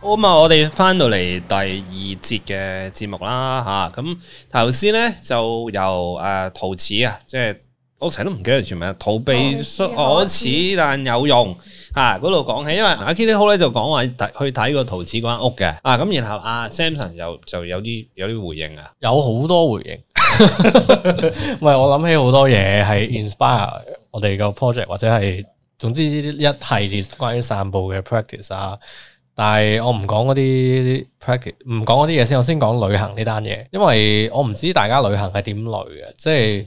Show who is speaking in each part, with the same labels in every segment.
Speaker 1: 好嘛，我哋翻到嚟第二節嘅節目啦，吓，咁頭先咧就由誒、呃、陶瓷啊，即係。我成日都唔記得全名，逃避雖可恥但有用吓，嗰度講起，因為阿 Kitty Ho 咧就講話去睇個陶瓷嗰間屋嘅，啊咁然後阿 Samson 又就，就有啲有啲回應啊，有好多回
Speaker 2: 應，唔 係我諗起好多嘢係 inspire 我哋個 project 或者係總之呢一系列關於散步嘅 practice 啊，但係我唔講嗰啲 practice 唔講嗰啲嘢先，我先講旅行呢單嘢，因為我唔知大家旅行係點旅嘅，即係。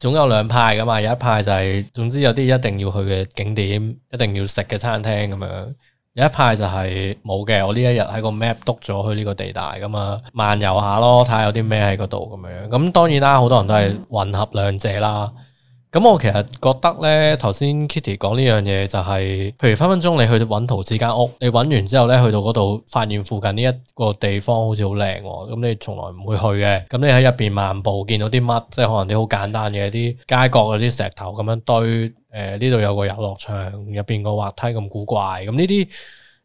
Speaker 2: 總有兩派噶嘛，有一派就係總之有啲一定要去嘅景點，一定要食嘅餐廳咁樣，有一派就係冇嘅。我呢一日喺個 map 督咗去呢個地帶咁啊，漫遊下咯，睇下有啲咩喺嗰度咁樣。咁當然啦，好多人都係混合兩者啦。嗯咁我其實覺得呢，頭先 Kitty 講呢樣嘢就係、是，譬如分分鐘你去揾圖紙間屋，你揾完之後呢，去到嗰度發現附近呢一個地方好似好靚喎，咁你從來唔會去嘅。咁你喺入邊漫步，見到啲乜，即係可能啲好簡單嘅啲街角嗰啲石頭咁樣堆，誒呢度有個遊樂場，入邊個滑梯咁古怪，咁呢啲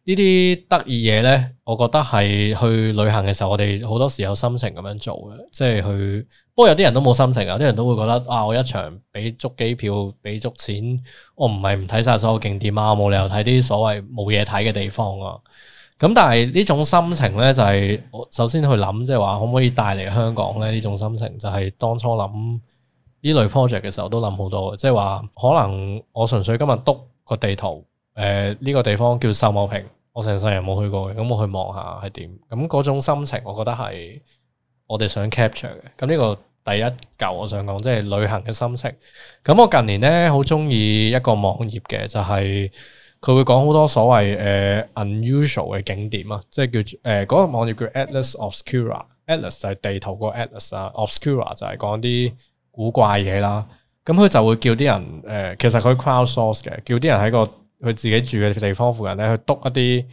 Speaker 2: 呢啲得意嘢呢，我覺得係去旅行嘅時候，我哋好多時有心情咁樣做嘅，即係去。不過有啲人都冇心情，有啲人都會覺得啊，我一場俾足機票，俾足錢，我唔係唔睇晒所有景點啊，冇理由睇啲所謂冇嘢睇嘅地方啊！咁但係呢種心情咧，就係我首先去諗，即係話可唔可以帶嚟香港咧？呢種心情就係當初諗呢類 project 嘅時候都諗好多嘅，即係話可能我純粹今日篤個地圖，誒呢個地方叫秀茂坪，我成世人冇去過嘅，咁我去望下係點？咁嗰種心情，我覺得係。我哋想 capture 嘅，咁呢個第一舊我想講，即係旅行嘅心情。咁我近年咧好中意一個網頁嘅，就係、是、佢會講好多所謂誒、呃、unusual 嘅景點啊，即係叫誒嗰、呃那個網頁叫 Atlas Obscura，Atlas Obscura，Atlas 就係地圖個 Atlas 啊，Obscura 就係講啲古怪嘢啦。咁佢就會叫啲人誒、呃，其實佢 crowd source 嘅，叫啲人喺個佢自己住嘅地方附近咧去督一啲誒、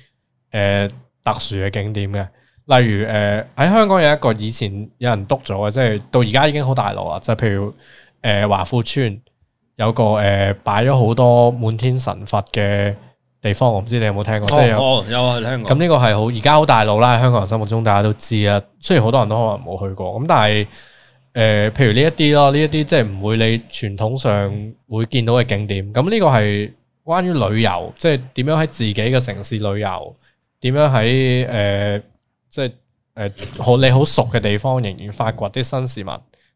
Speaker 2: 呃、特殊嘅景點嘅。例如誒喺、呃、香港有一個以前有人督咗嘅，即、就、係、是、到而家已經好大路啦。就是、譬如誒、呃、華富村有個誒、呃、擺咗好多滿天神佛嘅地方，我唔知你有冇聽過。哦，即有哦，
Speaker 1: 有啊，聽過。咁呢
Speaker 2: 個係好而家好大路啦，香港人心目中大家都知啦。雖然好多人都可能冇去過，咁但係誒、呃，譬如呢一啲咯，呢一啲即係唔會你傳統上會見到嘅景點。咁呢、嗯、個係關於旅遊，即係點樣喺自己嘅城市旅遊，點樣喺誒？即係誒，好、就是、你好熟嘅地方，仍然發掘啲新事物，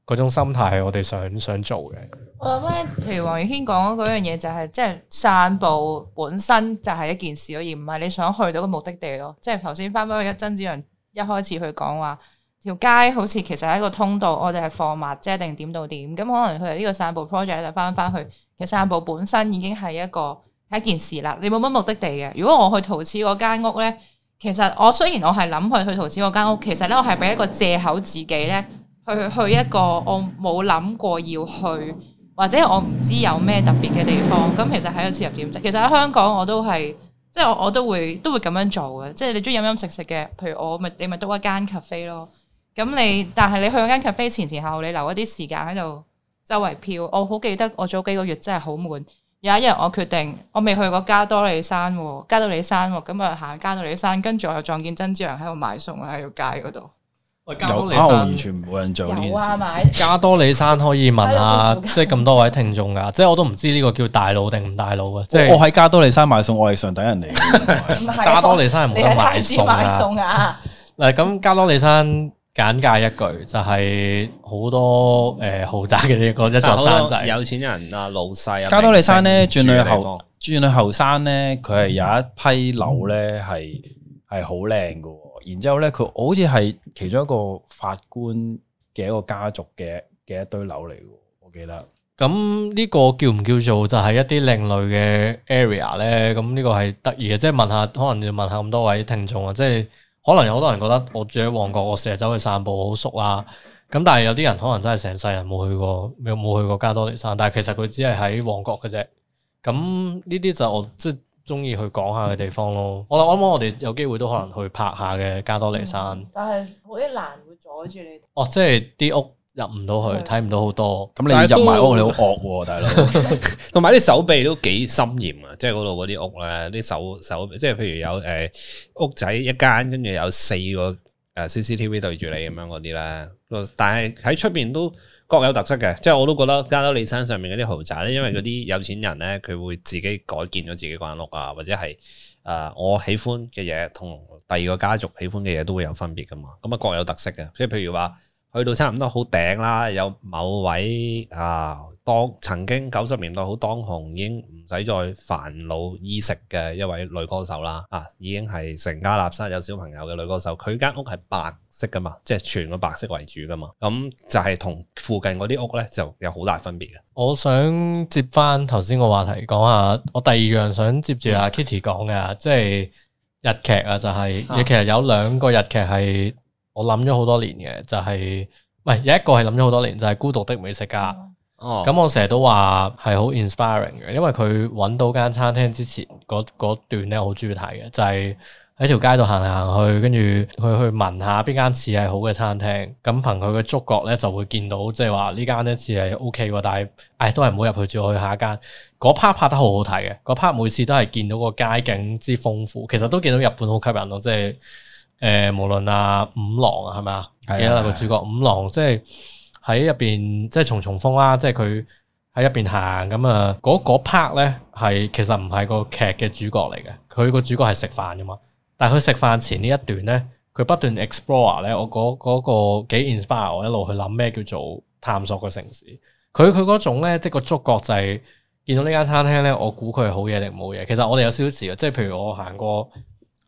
Speaker 2: 嗰種心態係我哋想想做嘅。
Speaker 3: 我諗咧，譬如黃宇軒講嗰樣嘢，就係即係散步本身就係一件事咯，而唔係你想去到個目的地咯。即係頭先翻翻去一曾梓洋，一開始去講話，條街好似其實係一個通道，我哋係貨物啫，定點到點咁？可能佢哋呢個散步 project 就翻翻去其實散步本身已經係一個係一件事啦。你冇乜目的地嘅。如果我去陶瓷嗰間屋咧。其實我雖然我係諗去去投資嗰間屋，其實咧我係俾一個借口自己咧去去一個我冇諗過要去，或者我唔知有咩特別嘅地方。咁其實喺個切入點，其實喺香港我都係，即係我我都會都會咁樣做嘅。即係你中意飲飲食食嘅，譬如我咪你咪篤一間 cafe 咯。咁你但係你去嗰間 cafe 前前後後，你留一啲時間喺度周圍飄。我好記得我早幾個月真係好悶。有一日我決定，我未去過加多利山，加多利山咁啊，行加多利山，跟住我又撞見曾梓洋喺度買餸喺條街嗰度。加多利
Speaker 4: 山、啊、完全冇人做呢件事。
Speaker 2: 加多利山可以問下， 問下即係咁多位聽眾噶，即係我都唔知呢個叫大佬定唔大佬嘅。即係、 就是、我喺
Speaker 4: 加多利山買餸，我係上等人嚟。
Speaker 3: 是加多利山冇得買餸啊！
Speaker 2: 嗱咁 加多利山。簡介一句就係、是、
Speaker 4: 好多誒、呃、豪宅嘅一個一座山仔，
Speaker 1: 有錢人啊老細啊。加多利山咧，轉去後
Speaker 4: 轉去後山咧，佢係有一批樓咧，係係好靚㗎。然之後咧，佢好似係其中一個法官嘅一個家族嘅嘅一堆樓嚟㗎。我記得。
Speaker 2: 咁呢個叫唔叫做就係一啲另類嘅 area 咧？咁呢個係得意嘅，即係問下，可能要問下咁多位聽眾啊，即係。可能有好多人覺得我住喺旺角，我成日走去散步，好熟啦。咁但係有啲人可能真係成世人冇去過，冇冇去過加多利山。但係其實佢只係喺旺角嘅啫。咁呢啲就我即係鍾意去講下嘅地方咯。我諗啱我哋有機會都可能去拍下嘅加多利山。嗯，
Speaker 3: 但係好啲難會阻
Speaker 2: 住你。哦，即係啲屋。入唔到去，睇唔是的 到好多。咁你是入埋屋 你好惡喎、啊，大佬。同埋啲手
Speaker 1: 臂都幾森嚴啊、就是，即係嗰度嗰啲屋咧，啲手手即係譬如有誒、呃、屋仔一間，跟住有四個誒、呃、CCTV 對住你咁樣嗰啲咧。但係喺出邊都各有特色嘅，即係我都覺得加多利山上面嗰啲豪宅咧，因為嗰啲有錢人咧，佢會自己改建咗自己間屋啊，或者係誒、呃、我喜歡嘅嘢同第二個家族喜歡嘅嘢都會有分別噶嘛。咁啊各有特色嘅，即係譬如話。去到差唔多好頂啦，有某位啊當曾經九十年代好當紅，已經唔使再煩惱衣食嘅一位女歌手啦，啊已經係成家立室有小朋友嘅女歌手，佢間屋係白色㗎嘛，即係全個白色為主㗎嘛，咁、嗯、就係、是、同附近嗰啲屋咧就有好大分別嘅。
Speaker 2: 我想接返頭先個話題講下，我第二樣想接住阿 Kitty 講嘅，即係日劇、就是、啊，就係你其實有兩個日劇係。我諗咗好多年嘅，就係唔係有一個係諗咗好多年，就係、是、孤獨的美食家。哦，咁我成日都話係好 inspiring 嘅，因為佢搵到間餐廳之前嗰段咧，我好中意睇嘅，就係喺條街度行嚟行去，跟住去去聞下邊間似係好嘅餐廳，咁憑佢嘅觸覺咧就會見到，即係話呢間咧似係 OK 嘅，但係唉都係唔好入去住，再去下一間。嗰 part 拍得好好睇嘅，嗰 part 每次都係見到個街景之豐富，其實都見到日本好吸引咯，即係。誒、呃，無論啊五郎啊，係咪啊？係啊的，的個主角五郎，即係喺入邊，即係重重風啦，即係佢喺入邊行咁啊。嗰 part 咧，係其實唔係個劇嘅主角嚟嘅，佢個主角係食飯噶嘛。但係佢食飯前呢一段咧，佢不斷 explore 咧，我嗰、那、嗰個幾、那個、inspire 我一路去諗咩叫做探索個城市。佢佢嗰種咧，即係個觸角就係、是、見到間廳呢間餐廳咧，我估佢係好嘢定冇嘢。其實我哋有少少試，即係譬如我行過。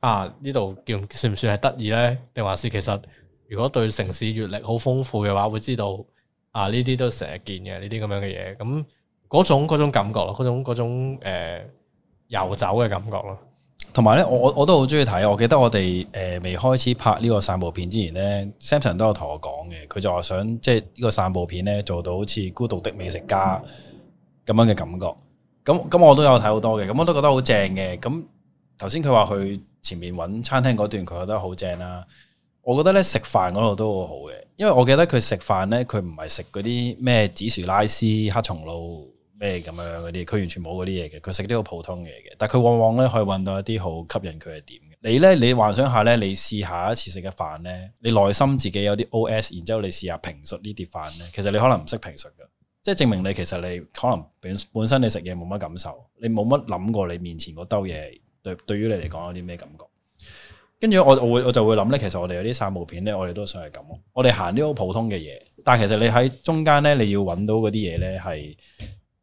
Speaker 2: 啊！呢度叫算唔算係得意呢？定還是其實如果對城市閱歷好豐富嘅話，會知道啊呢啲都成日見嘅呢啲咁樣嘅嘢。咁嗰種嗰種感覺咯，嗰種嗰種誒呃、遊走嘅感覺咯。
Speaker 4: 同埋呢，我我都好中意睇。我記得我哋誒未開始拍呢個散步片之前咧，Samson 都有同我講嘅。佢就話想即係呢個散步片咧做到好似孤獨的美食家咁樣嘅感覺。咁咁我都有睇好多嘅，咁我都覺得好正嘅。咁頭先佢話佢。前面揾餐廳嗰段佢覺得好正啦，啊，我覺得咧食飯嗰度都好好嘅，因為我記得佢食飯咧，佢唔係食嗰啲咩紫薯拉絲、黑松露咩咁樣嗰啲，佢完全冇嗰啲嘢嘅，佢食啲好普通嘢嘅。但佢往往咧可以揾到一啲好吸引佢嘅點。你咧，你幻想下咧，你試下一次食嘅飯咧，你內心自己有啲 OS，然之後你試下評述呢碟飯咧，其實你可能唔識評述嘅，即係證明你其實你可能本本身你食嘢冇乜感受，你冇乜諗過你面前嗰兜嘢。對，對於你嚟講有啲咩感覺？跟住我我會我就會諗咧，其實我哋有啲散步片咧，我哋都想係咁。我哋行啲好普通嘅嘢，但係其實你喺中間咧，你要揾到嗰啲嘢咧，係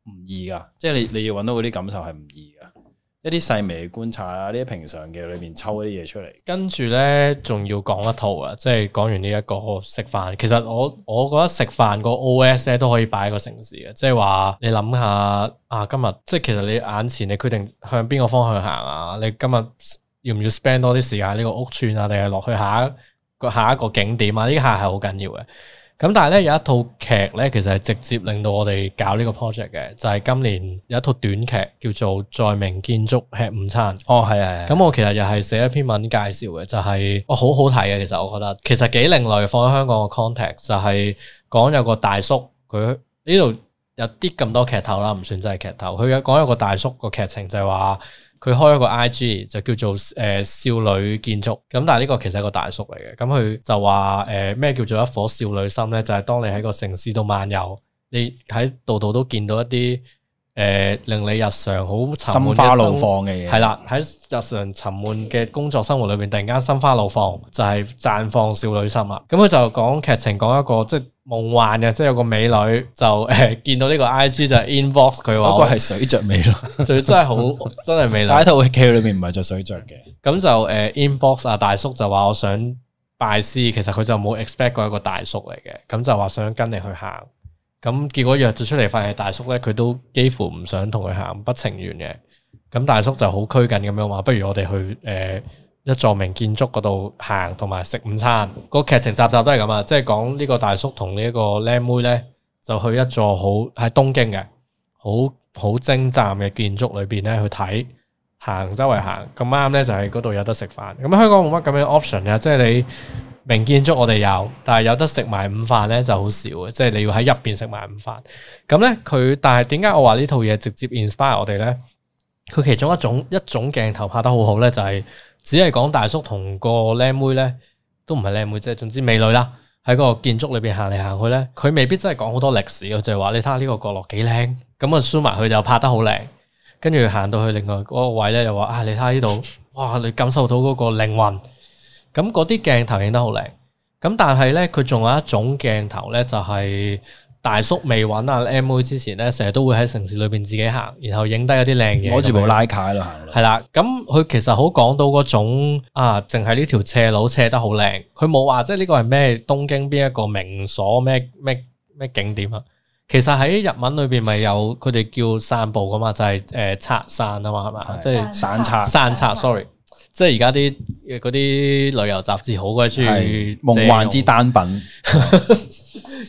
Speaker 4: 唔易噶。即係你你要揾到嗰啲感受，係唔易噶。一啲細微嘅觀察啊，呢啲平常嘅裏面抽一啲嘢出嚟，
Speaker 2: 跟住咧仲要講一套啊，即係講完呢、這、一個食飯。其實我我覺得食飯個 OS 咧都可以擺一個城市嘅。即係話你諗下啊，今日即係其實你眼前你決定向邊個方向行啊？你今日要唔要 spend 多啲時間呢個屋邨啊，定係落去下一個下一個景點啊？呢下係好緊要嘅。咁但係咧有一套劇咧，其實係直接令到我哋搞呢個 project 嘅，就係、是、今年有一套短劇叫做《在名建築吃午餐》。哦，係啊，係。咁我其實又係寫一篇文介紹嘅，就係、是、我、哦、好好睇嘅。其實我覺得，其實幾另類，放喺香港嘅 context，就係講有個大叔，佢呢度有啲咁多劇頭啦，唔算真係劇頭。佢有講有個大叔個劇情就，就係話。佢開一個 IG 就叫做誒、呃、少女建築，咁但係呢個其實係一個大叔嚟嘅，咁佢就話誒咩叫做一顆少女心呢？就係、是、當你喺個城市度漫遊，你喺度度都見到一啲誒、呃、令你日常好沉悶嘅心花怒放嘅嘢，係啦，喺日常沉悶嘅工作生活裏面，突然間心花怒放，就係、是、綻放少女心啦。咁佢就講劇情，講一個即、就是夢幻嘅，即、就、係、是、有個美女就誒、欸、見到呢個 IG 就 inbox 佢話，不過係水着美咯，
Speaker 4: 就真係好真係美女。但係套戲裏面唔係着水着嘅。
Speaker 2: 咁就誒 inbox 啊，大叔就話我想拜師，其實佢就冇 expect 過一個大叔嚟嘅。咁就話想跟你去行，咁結果約咗出嚟發現大叔咧，佢都幾乎唔想同佢行，不情願嘅。咁大叔就好拘謹咁樣話，不如我哋去誒。呃一座名建築嗰度行，同埋食午餐。個劇情集集都係咁啊！即係講呢個大叔同呢一個靚妹咧，就去一座好喺東京嘅好好精湛嘅建築裏邊咧去睇，行周圍行。咁啱咧就喺嗰度有得食飯。咁香港冇乜咁樣 option 啊！即係你名建築我哋有，但係有得食埋午飯咧就好少啊！即係你要喺入邊食埋午飯。咁咧佢，但係點解我話呢套嘢直接 inspire 我哋咧？佢其中一種一種鏡頭拍得好好咧，就係。只係講大叔同個靚妹咧，都唔係靚妹，即係，總之美女啦，喺個建築裏邊行嚟行去咧，佢未必真係講好多歷史咯，就係話你睇下呢個角落幾靚，咁、嗯、啊，輸埋佢就拍得好靚，跟住行到去另外嗰個位咧，就話啊，你睇下呢度，哇，你感受到嗰個靈魂，咁嗰啲鏡頭影得好靚，咁但係咧，佢仲有一種鏡頭咧，就係、是。大叔未揾阿 M 妹之前咧，成日都會喺城市裏邊自己行，然後影低嗰啲靚嘢。攞住部拉卡喺度行。係啦，咁佢了其實好講到嗰種啊，淨係呢條斜路斜得好靚。佢冇話即係呢個係咩東京邊一個名所咩咩咩景點啊。其實喺日文裏邊咪有佢哋叫散步噶嘛，就係、是、誒、呃、拆散啊嘛，係嘛的？即係散拆散拆，拆。Sorry，即係而家啲啲旅遊雜誌好鬼鍾意夢幻之
Speaker 4: 單品。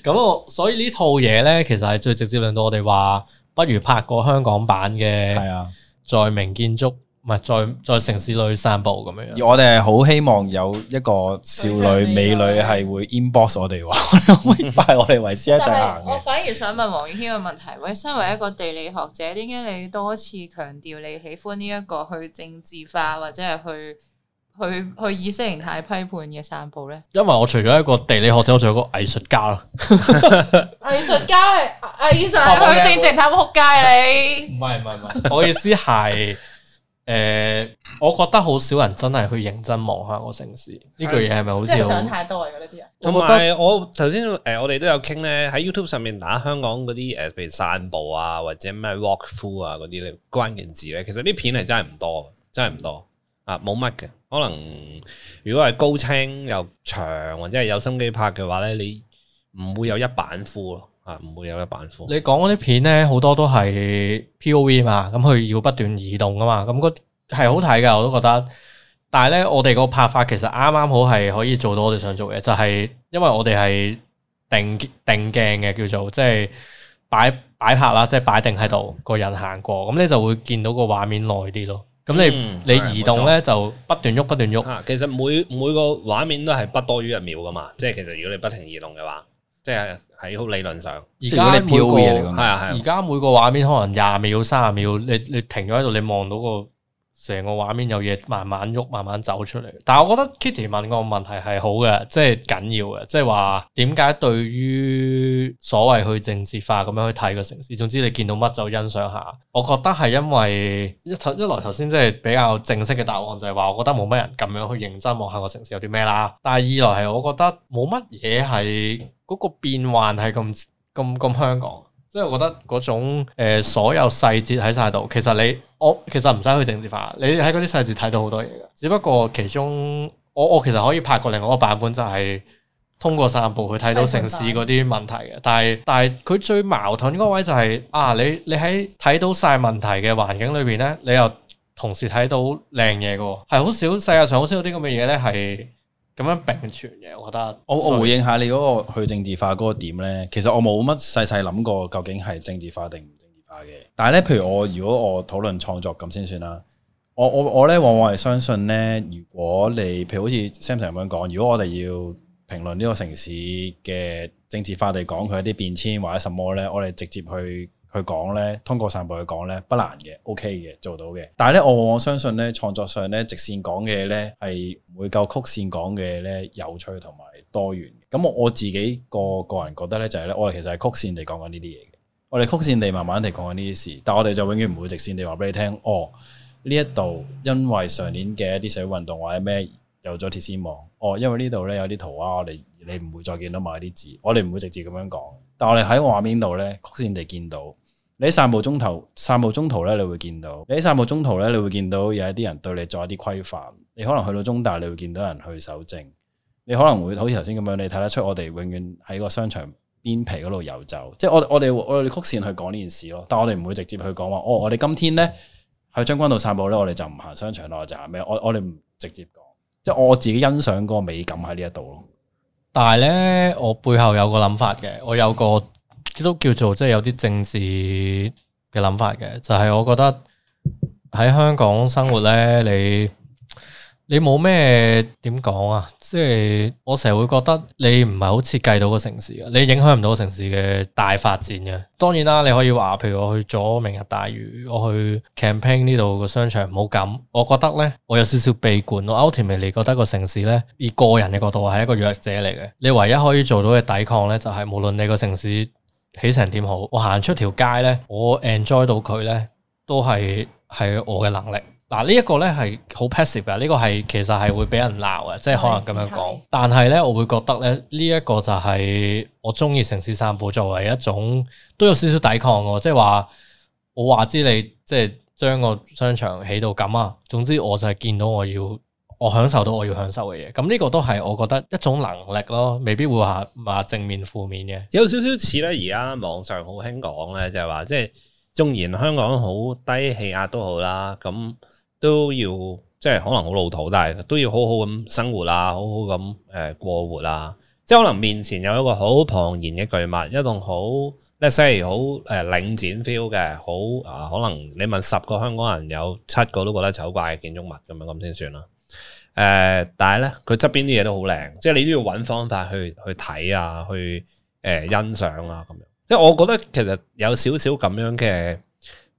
Speaker 2: 咁 我所以套呢套嘢咧，其實係最直接令到我哋話，不如拍個香港版嘅，係啊，在名建築唔係在在城市裏去散步咁樣。
Speaker 4: 的我哋係好希望有一個少女、美女係會 inbox 我哋話，的 會帶我哋維斯一下。我
Speaker 3: 反而想問黃宇軒嘅問題：喂，身為一個地理學者，點解你多次強調你喜歡呢一個去政治化或者係去？去去意識形態批判嘅散步咧，
Speaker 2: 因為我除咗一個地理學者，我仲有個藝術家啦。 藝術 家
Speaker 3: 係藝術，係去 正正黑仆街你。唔係唔
Speaker 2: 係唔係， 我意思係誒、呃，我覺得好少人真係去認真望下我城市呢 句嘢係咪好似想
Speaker 3: 太多嘅
Speaker 2: 呢啲人。同埋我頭先誒，我哋都有傾
Speaker 1: 咧喺 YouTube 上面打香港嗰啲誒，譬如散步啊，或者咩 walk through 啊嗰啲咧，關鍵字咧，其實啲片係真係唔多，真係唔多。啊，冇乜嘅，可能如果係高清又長或者係有心機拍嘅話咧，你唔會有一板膚咯，啊，唔會有一板膚。啊、
Speaker 2: 板膚你講嗰啲片咧，好多都係 POV 嘛，咁佢要不斷移動啊嘛，咁嗰係好睇嘅，我都覺得。但係咧，我哋個拍法其實啱啱好係可以做到我哋想做嘅，就係、是、因為我哋係定定鏡嘅，叫做即係、就是、擺擺拍啦，即、就、係、是、擺定喺度，嗯、個人行過，咁你就會見到個畫面耐啲咯。咁、嗯、你移動呢錯就不斷喐不斷喐、啊，其實
Speaker 1: 每每個畫面都係不多於一秒㗎嘛，即係其實如果你不停移動嘅話，即係喺理論上，而家每個係啊係，而
Speaker 2: 家每個畫面可能廿秒三十秒，你停咗喺度，你望到、那個。成個畫面有嘢慢慢喐，慢慢走出嚟。但係我覺得 Kitty 問個問題係好嘅，即係緊要嘅，即係話點解對於所謂去政治化咁樣去睇個城市？總之你見到乜就欣賞下。我覺得係因為一頭一來頭先即係比較正式嘅答案就係話，我覺得冇乜人咁樣去認真望下個城市有啲咩啦。但係二來係我覺得冇乜嘢係嗰個變幻係咁咁咁香港。因為我覺得嗰種誒、呃、所有細節喺晒度，其實你我其實唔使去政治化，你喺嗰啲細節睇到好多嘢嘅。只不過其中我我其實可以拍過另外一個版本，就是，就係通過散步去睇到城市嗰啲問題嘅。但係但係佢最矛盾嗰位就係、是、啊，你你喺睇到晒問題嘅環境裏邊咧，你又同時睇到靚嘢嘅，係好少。世界上好少有啲咁嘅嘢咧，
Speaker 4: 係。咁樣並存嘅，我覺得。我我回應下你嗰個去政治化嗰個點咧，其實我冇乜細細諗過究竟係政治化定唔政治化嘅。但係咧，譬如我如果我討論創作咁先算啦。我我我咧往往係相信咧，如果你譬如好似 Samson 咁樣講，如果我哋要評論呢個城市嘅政治化，地講佢一啲變遷或者什麼咧，我哋直接去，去講咧，通過散步去講咧，不難嘅，OK 嘅，做到嘅。但係咧，我我相信咧，創作上咧，直線講嘅嘢咧，係唔會夠曲線講嘅嘢咧有趣同埋多元。咁我我自己個個人覺得咧，就係咧，我哋其實係曲線地講緊呢啲嘢嘅，我哋曲線地慢慢地講緊呢啲事，但我哋就永遠唔會直線地話俾你聽。哦，呢一度因為上年嘅一啲社會運動或者咩有咗鐵絲網。哦，因為呢度咧有啲圖畫，我哋你唔會再見到某啲字，我哋唔會直接咁樣講。但我哋喺畫面度咧，曲線地見到。你喺散步中途，散步中途咧，你會見到；你喺散步中途咧，你會見到有一啲人對你做一啲規範。你可能去到中大，你會見到人去守證。你可能會好似頭先咁樣，你睇得出我哋永遠喺個商場邊皮嗰度遊走。即係我我哋我哋曲線去講呢件事咯。但係我哋唔會直接去講話、哦。我我哋今天咧去將軍澳散步咧，我哋就唔行商場咯，就行咩，我我哋唔直接講。即係我自己欣賞嗰個美感喺呢一度咯。
Speaker 2: 但係咧，我背後有個諗法嘅，我有個。都叫做即係有啲政治嘅諗法嘅，就係、是、我覺得喺香港生活咧，你你冇咩點講啊？即係我成日會覺得你唔係好設計到個城市嘅，你影響唔到城市嘅大發展嘅。當然啦，你可以話譬如我去咗明日大嶼，我去 campaign 呢度個商場，唔好咁，我覺得咧，我有少少悲觀咯。out 你覺得個城市咧，以個人嘅角度係一個弱者嚟嘅。你唯一可以做到嘅抵抗咧，就係、是、無論你個城市。起成點好？我行出條街咧，我 enjoy 到佢咧，都係係我嘅能力。嗱、啊，呢一個咧係好 passive 嘅，呢個係其實係會俾人鬧嘅，即係可能咁樣講。嗯、但係咧，我會覺得咧，呢一個就係我中意城市散步作為一種都有少少抵抗嘅，即係話我話知你即係將個商場起到咁啊。總之，我就係見到我要。我享受到我要享受嘅嘢，咁呢個都係我覺得一種能力咯，未必會話話正面負面嘅。有少
Speaker 1: 少似咧，而家網上好興講咧，就係話即係，縱然香港好低氣壓都好啦，咁都要即係可能好老土，但係都要好好咁生活啦，好好咁誒過活啦。即係可能面前有一個好龐然嘅巨物，一棟好，let’s say 好誒領展 feel 嘅，好啊，可能你問十個香港人，有七個都覺得醜怪嘅建築物咁樣咁先算啦。誒、呃，但係咧，佢側邊啲嘢都好靚，即係你都要揾方法去去睇啊，去誒、呃、欣賞啊咁樣。因為我覺得其實有少少咁樣嘅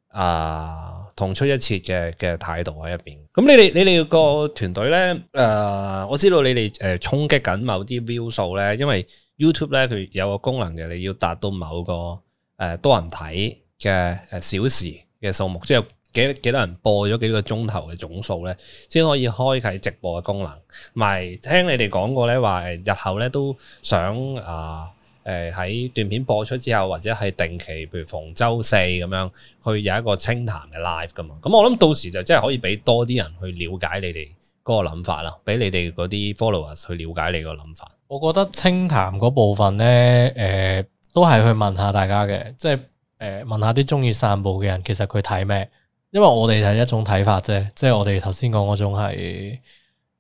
Speaker 1: 啊、呃、同出一轍嘅嘅態度喺入邊。咁你哋你哋個團隊咧，誒、呃，我知道你哋誒衝擊緊某啲 view 數咧，因為 YouTube 咧佢有個功能嘅，你要達到某個誒、呃、多人睇嘅誒小時嘅數目，即係。幾幾多人播咗幾個鐘頭嘅總數咧，先可以開啟直播嘅功能。咪聽你哋講過咧，話日後咧都想啊，誒、呃、喺、呃、段片播出之後，或者係定期，譬如逢周四咁樣，去有一個清談嘅 live 噶嘛。咁、嗯、我諗到時就真係可以俾多啲人去了解你哋嗰個諗法啦，俾你哋嗰啲 followers 去了解你個諗法。
Speaker 2: 我覺得清談嗰部分咧，誒、呃、都係去問下大家嘅，即係誒問下啲中意散步嘅人，其實佢睇咩？因為我哋係一種睇法啫，即係我哋頭先講嗰種係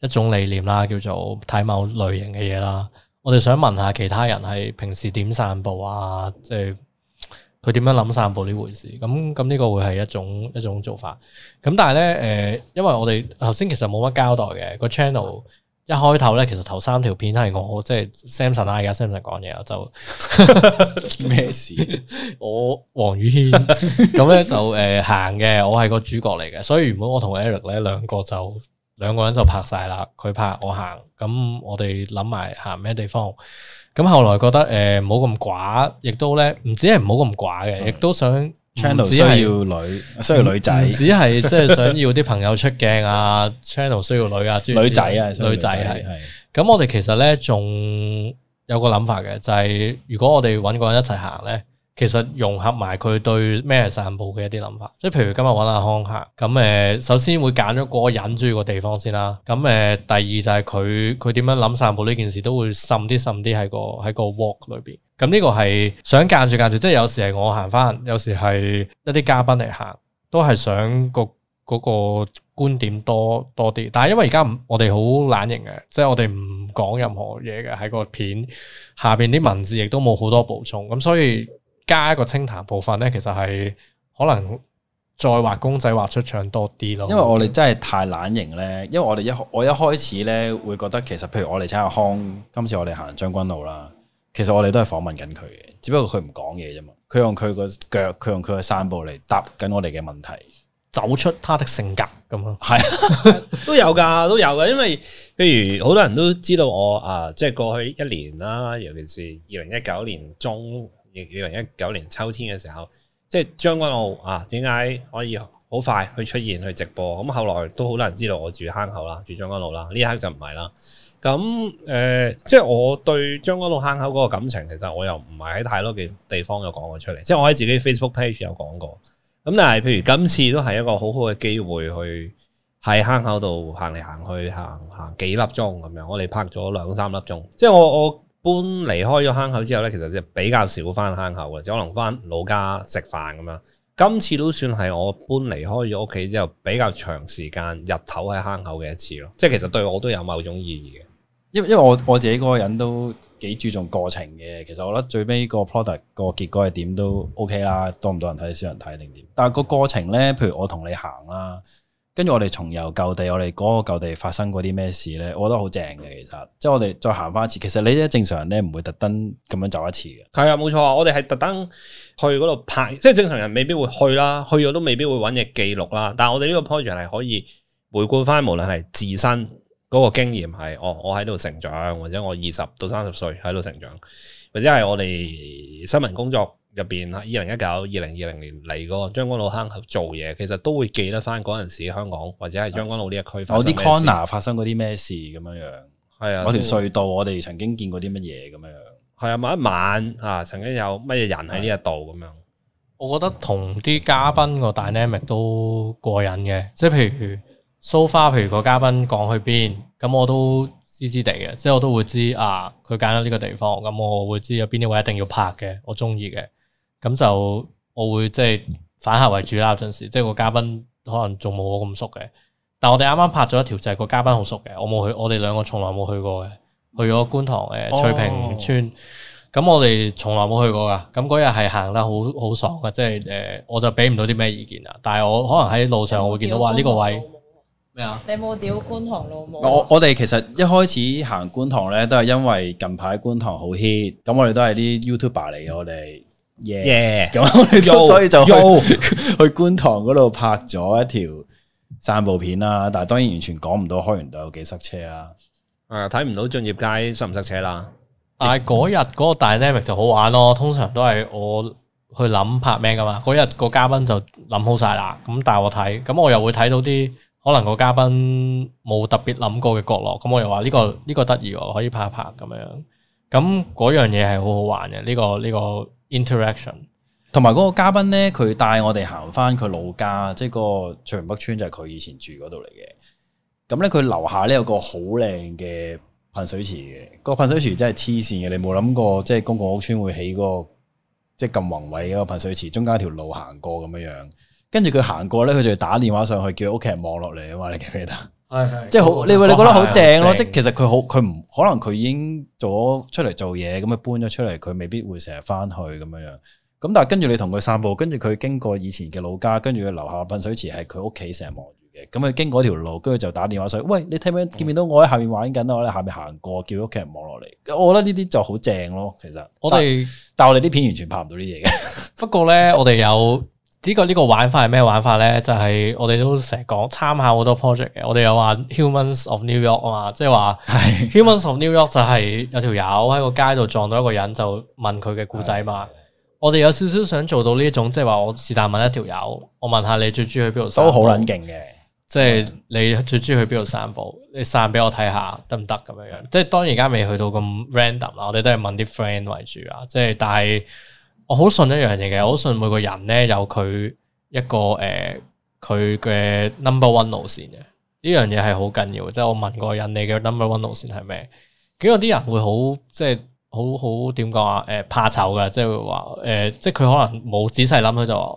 Speaker 2: 一種理念啦，叫做睇某類型嘅嘢啦。我哋想問下其他人係平時點散步啊，即係佢點樣諗散步呢回事？咁咁呢個會係一種一種做法。咁但係咧，誒、呃，因為我哋頭先其實冇乜交代嘅個 channel。一開頭咧，其實頭三條片係我即係 Samson 而家 Samson 講嘢，就咩事？ 我黃宇軒咁咧就誒、呃、行嘅，我係個主角嚟嘅，所以原本我同 Eric 咧兩個就兩個人就拍晒啦，佢拍我行，咁我哋諗埋行咩地方，咁後來覺得誒冇咁寡，亦都咧唔止係冇咁寡嘅，亦都想。Channel 需要女，需要女仔，只係即係想要啲朋友出鏡啊 ，Channel 需要女，女，女啊，女仔啊，女仔生係，咁的我哋其實咧仲有個諗法嘅，就係、是、如果我哋揾個人一齊行咧。其實融合埋佢對咩散步嘅一啲諗法，即係譬如今日揾阿康客，咁誒首先會揀咗個人中意個地方先啦，咁誒第二就係佢佢點樣諗散步呢件事都會滲啲滲啲喺個喺個 walk 裏邊，咁呢個係想間住間住，即係有時係我行返，有時係一啲嘉賓嚟行，都係想個嗰個觀點多多啲，但係因為而家我哋好懶型嘅，即係我哋唔講任何嘢嘅，喺個片下邊啲文字亦都冇好多補充，咁所以。加一個清談部分咧，其實係可能再畫公仔畫出腸多
Speaker 4: 啲咯。因為我哋真係太懶型咧，因為我哋一我一開始咧會覺得，其實譬如我哋請阿康今次我哋行將軍澳啦，其實我哋都係訪問緊佢嘅，只不過佢唔講嘢啫嘛，佢用佢個腳，佢用佢個散步嚟答緊我哋嘅問題，走出他的性格咁啊，係
Speaker 1: 都有噶，都有嘅。因為譬如好多人都知道我啊，即係過去一年啦，尤其是二零一九年中。二零一九年秋天嘅時候，即係將軍澳啊，點解可以好快去出現去直播？咁、嗯、後來都好多人知道我住坑口啦，住將軍澳啦，呢一刻就唔係啦。咁誒、呃，即係我對將軍澳坑口嗰個感情，其實我又唔係喺太多嘅地方有講過出嚟。即係我喺自己 Facebook page 有講過。咁、嗯、但係，譬如今次都係一個好好嘅機會去，去喺坑口度行嚟行去行行幾粒鐘咁樣。我哋拍咗兩三粒鐘，即係我我。我搬離開咗坑口之後呢，其實就比較少翻坑口嘅，只可能翻老家食飯咁樣。今次都算係我搬離開咗屋企之後比較長時間日頭喺坑口嘅一次咯。即係其實對我都有某種意義嘅，
Speaker 4: 因為因為我我自己個人都幾注重過程嘅。其實我覺得最尾個 product 個結果係點都 OK 啦，多唔多人睇少人睇定點？但係個過程呢，譬如我同你行啦、啊。跟住我哋重遊舊地，我哋嗰個舊地發生過啲咩事咧？我覺得好正嘅，其實即係我哋再行翻一次。其實你咧正常人咧唔會特登咁樣走一次嘅。係啊，冇錯
Speaker 1: 啊，我哋係特登去嗰度拍。即係正常人未必會去啦，去咗都未必會揾嘢記錄啦。但係我哋呢個 project 係可以回顧翻，無論係自身嗰個經驗係，哦，我喺度成長，或者我二十到三十歲喺度成長，或者係我哋新聞工作。入邊啊！二零一九、二零二零年嚟嗰個將軍澳坑口做嘢，其實都會記得翻嗰陣時香港或者係將軍澳呢一區。有啲 corner 發
Speaker 4: 生嗰啲咩事咁樣樣？係啊，嗰條隧道，我哋曾經見過啲乜嘢咁樣？係啊，某一晚啊，曾經
Speaker 1: 有乜嘢人喺呢一度咁樣。
Speaker 2: 我覺得同啲嘉賓個 dynamic 都過癮嘅，即係譬如 so far、嗯，譬如個嘉賓講去邊，咁我都知知地嘅，即係我都會知啊，佢揀咗呢個地方，咁我會知有邊啲位一定要拍嘅，我中意嘅。咁就我會即係反客為主啦，有陣時即係個嘉賓可能仲冇我咁熟嘅。但我哋啱啱拍咗一條就係、是、個嘉賓好熟嘅，我冇去，我哋兩個從來冇去過嘅，去咗觀塘誒、哦、翠屏村。咁我哋從來冇去過噶。咁嗰日係行得好好爽嘅，即係誒、呃，我就俾唔到啲咩意見啦。但係我可能喺
Speaker 4: 路上我會見到話呢個位咩啊？
Speaker 3: 你有冇屌觀塘老母？我
Speaker 4: 我哋其實一開始行觀塘咧，都係因為近排觀塘好 hit 咁我哋都係啲 YouTuber 嚟，嘅，我哋。耶咁，Yeah. Yeah. 所以就去 Yo. 去觀塘嗰度拍咗一條散步片啦。但係當然完全講唔到開源道有幾塞車啊，
Speaker 2: 誒睇唔到駿業街塞唔塞車啦。但係
Speaker 4: 嗰日嗰個 dynamic 就好玩咯。通
Speaker 2: 常都係我去諗拍咩噶嘛。嗰日個嘉賓就諗好晒啦，咁但我睇，咁我又會睇到啲可能個嘉賓冇特別諗過嘅角落。咁我又話呢個呢個得意，可以拍一拍咁樣。咁嗰樣嘢係好好玩嘅。呢個呢個。呢個
Speaker 4: interaction，同埋嗰個嘉賓咧，佢帶我哋行翻佢老家，即係個翠屏北村，就係佢以前住嗰度嚟嘅。咁咧，佢樓下咧有個好靚嘅噴水池嘅，個噴水池真係黐線嘅。你冇諗過，即係公共屋邨會起個即係咁宏偉嘅個噴水池，中間條路行過咁樣樣。跟住佢行過咧，佢就打電話上去叫屋企人望落嚟啊嘛，你記唔記得？係，即係好，你話你覺得好正咯，即係其實佢好，佢唔可能佢已經咗出嚟做嘢，咁啊搬咗出嚟，佢未必會成日翻去咁樣樣。咁但係跟住你同佢散步，跟住佢經過以前嘅老家，跟住佢樓下噴水池係佢屋企成日望住嘅，咁佢經過條路，跟住就打電話想，喂，你聽唔聽，見唔見到我喺下面玩緊啊？嗯、我喺下面行過，叫屋企人望落嚟。我覺得呢啲就好正咯，其實。我哋們，但係我哋啲片完全拍唔到啲嘢嘅。
Speaker 2: 不過咧， 我哋有。呢個呢個玩法係咩玩法咧？就係、是、我哋都成日講參考好多 project 嘅。我哋有話 Humans of New York 啊嘛，即係話 Humans of New York 就係有條友喺個街度撞到一個人，就問佢嘅故仔嘛。的我哋有少少想做到呢種，即係話我是但問一條友，我問下你最中意去邊度都好撚勁嘅，即係你最中意去邊度散步，你散俾我睇下得唔得咁樣樣？即係當然而家未去到咁 random 啦，我哋都係問啲 friend 為主啊。即係但係。我好信一樣嘢嘅，我好信每個人咧，有佢一個誒佢嘅 number one 路線嘅，呢樣嘢係好緊要。即係我問過人哋嘅 number one 路線係咩？幾有啲人會好，即係好好，點講啊？誒怕醜嘅，即係會話誒，即係佢、呃、可能冇仔細諗，佢就話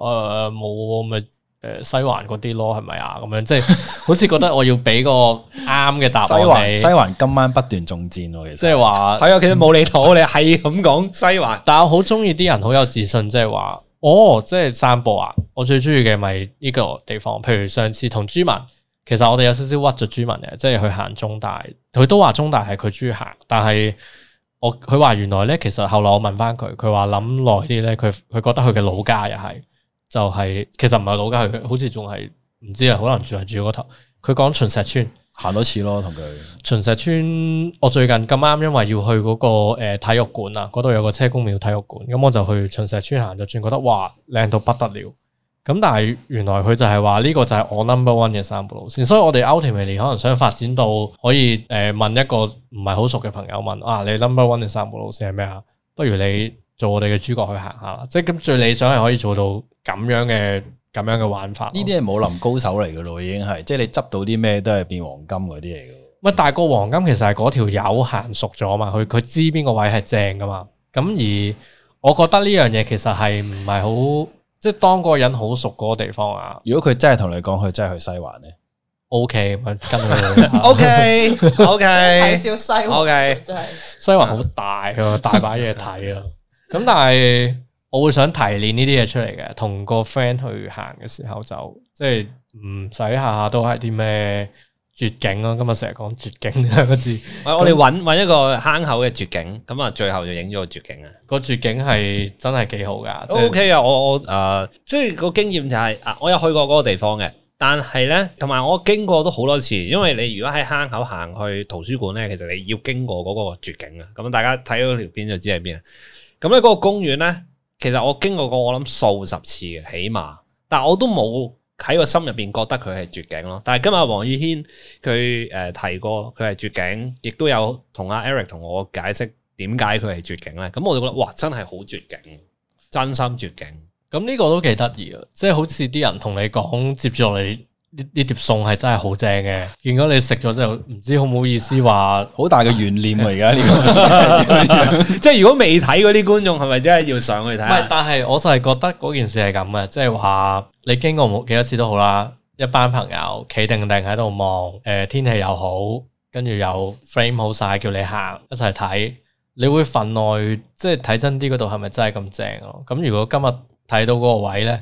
Speaker 2: 誒冇咪。呃誒，西環嗰啲咯，係咪啊？咁樣即係， 好似覺得我要俾個啱嘅答案俾你。西環，西環
Speaker 4: 今晚不斷中箭，其
Speaker 2: 實即係話，係
Speaker 4: 啊， 其實冇你妥，你係咁講西環。 但係我好中意啲
Speaker 2: 人好有自信，即係話，哦，即係散步啊！我最中意嘅咪呢個地方。譬如上次同朱文，其實我哋有少少屈咗朱文嘅，即係去行中大，佢都話中大係佢中意行。但係我佢話原來咧，其實後來我問翻佢，佢話諗耐啲咧，佢佢覺得佢嘅老家又係。就係、是、其實唔係老家，佢好似仲係唔知啊，好難住係住嗰頭。佢講秦石村，
Speaker 4: 行多次咯，同佢
Speaker 2: 秦石村。我最近咁啱，因為要去嗰個誒體育館啊，嗰度有個車公廟體育館，咁我就去秦石村行咗轉，覺得哇靚到不得了。咁但係原來佢就係話呢個就係我 number one 嘅散步路線，所以我哋 ultimately 可能想發展到可以誒問一個唔係好熟嘅朋友問啊，你 number one 嘅散步路線係咩啊？不如你。做我哋嘅主角去行吓，即係咁最理想係可以做到咁樣嘅咁樣嘅玩法。呢啲係武林高
Speaker 4: 手嚟噶咯，已經係即係你執到啲咩都係變黃金嗰啲嚟嘅。
Speaker 2: 乜？但係個黃金其實係嗰條友行熟咗嘛，佢佢知邊個位係正噶嘛。咁而我覺得呢樣嘢其實係唔係好，即係當個人好熟嗰個地方啊。
Speaker 4: 如果佢真係同你講，佢真係去西環
Speaker 2: 咧，O K，跟佢。O K，O K，睇 O K，真係西環好大啊，大把嘢睇啊。 咁、嗯、但係我會想提煉呢啲嘢出嚟嘅，同個 friend 去行嘅時候就即係唔使下下都係啲咩絕景咯。今日成日講絕景兩、那個字，我我哋揾一個坑口嘅絕景，咁啊最後就影咗個絕景啊。個絕景係真
Speaker 1: 係幾好噶，O K 啊。我我誒，即、呃、係個經驗就係、是、啊，我有去過嗰個地方嘅，但係咧同埋我經過都好多次，因為你如果喺坑口行去圖書館咧，其實你要經過嗰個絕景啊。咁大家睇到條片就知係邊啊。咁咧嗰個公園呢，其實我經過過我諗數十次嘅，起碼，但係我都冇喺個心入邊覺得佢係絕境咯。但係今日黃宇軒佢誒提過，佢係絕境，亦都
Speaker 2: 有同阿 Eric 同我解釋點解佢係絕境呢。咁我就覺得哇，真係好絕境，真心絕境。咁呢個都幾得意，即係好似啲人同你講，接住你。呢呢碟餸係真係好正嘅，如果你食咗之後就唔知好唔好意思，話好
Speaker 4: 大嘅懸念
Speaker 2: 啊！而家呢個， 即係如果未睇嗰啲觀眾，係咪真係要上去睇？但係我就係覺得嗰件事係咁嘅，即係話你經過冇幾多次都好啦，一班朋友企定定喺度望，誒、呃、天氣又好，跟住又 frame 好晒，叫你行一齊睇，你會份內即係睇真啲嗰度係咪真係咁正咯？咁如果今日睇到嗰個位呢？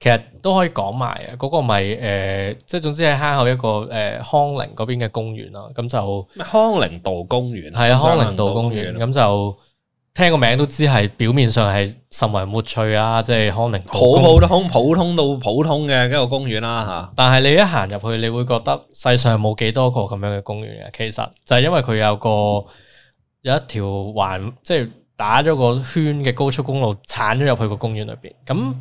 Speaker 2: 其實都可以講埋啊，嗰、那個咪、就、誒、是，即、呃、係總之係坑口一個誒、呃、康寧嗰邊嘅公園啦。咁就康寧道公園，係啊，康寧道公園。咁就聽個名都知係表面上係甚為冇趣啊，即、就、係、是、康寧道。普普
Speaker 1: 都普通到普通嘅一個公園啦吓。
Speaker 2: 但係你一行入去，你會覺得世上冇幾多個咁樣嘅公園嘅。其實就係因為佢有個有一條環，即係、就是、打咗個圈嘅高速公路鏟咗入去個公園裏邊咁。嗯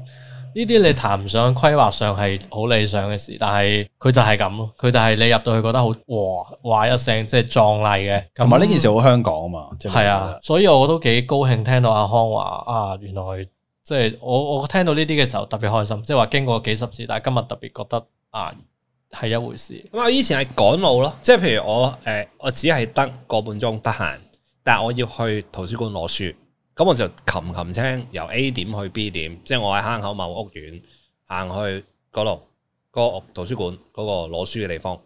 Speaker 2: 呢啲你談唔上規劃上係好理想嘅事，但係佢就係咁咯，佢就係你入到去覺得好哇哇一聲即係壯麗嘅，同埋呢件事好
Speaker 4: 香港啊嘛，係啊、嗯，的
Speaker 2: 所以我都幾高興聽到阿康話啊，原來即係我我聽到呢啲嘅時候特別開心，即係話經過幾十次，但係今日特別覺得啊係一回事。咁啊，以前係趕路咯，即係譬如我誒、呃，我只係得個
Speaker 1: 半鐘得閒，但係我要去圖書館攞書。咁我就擒擒青由 A 點去 B 點，即係我喺坑口某屋苑行去嗰度個圖書館嗰個攞書嘅地方。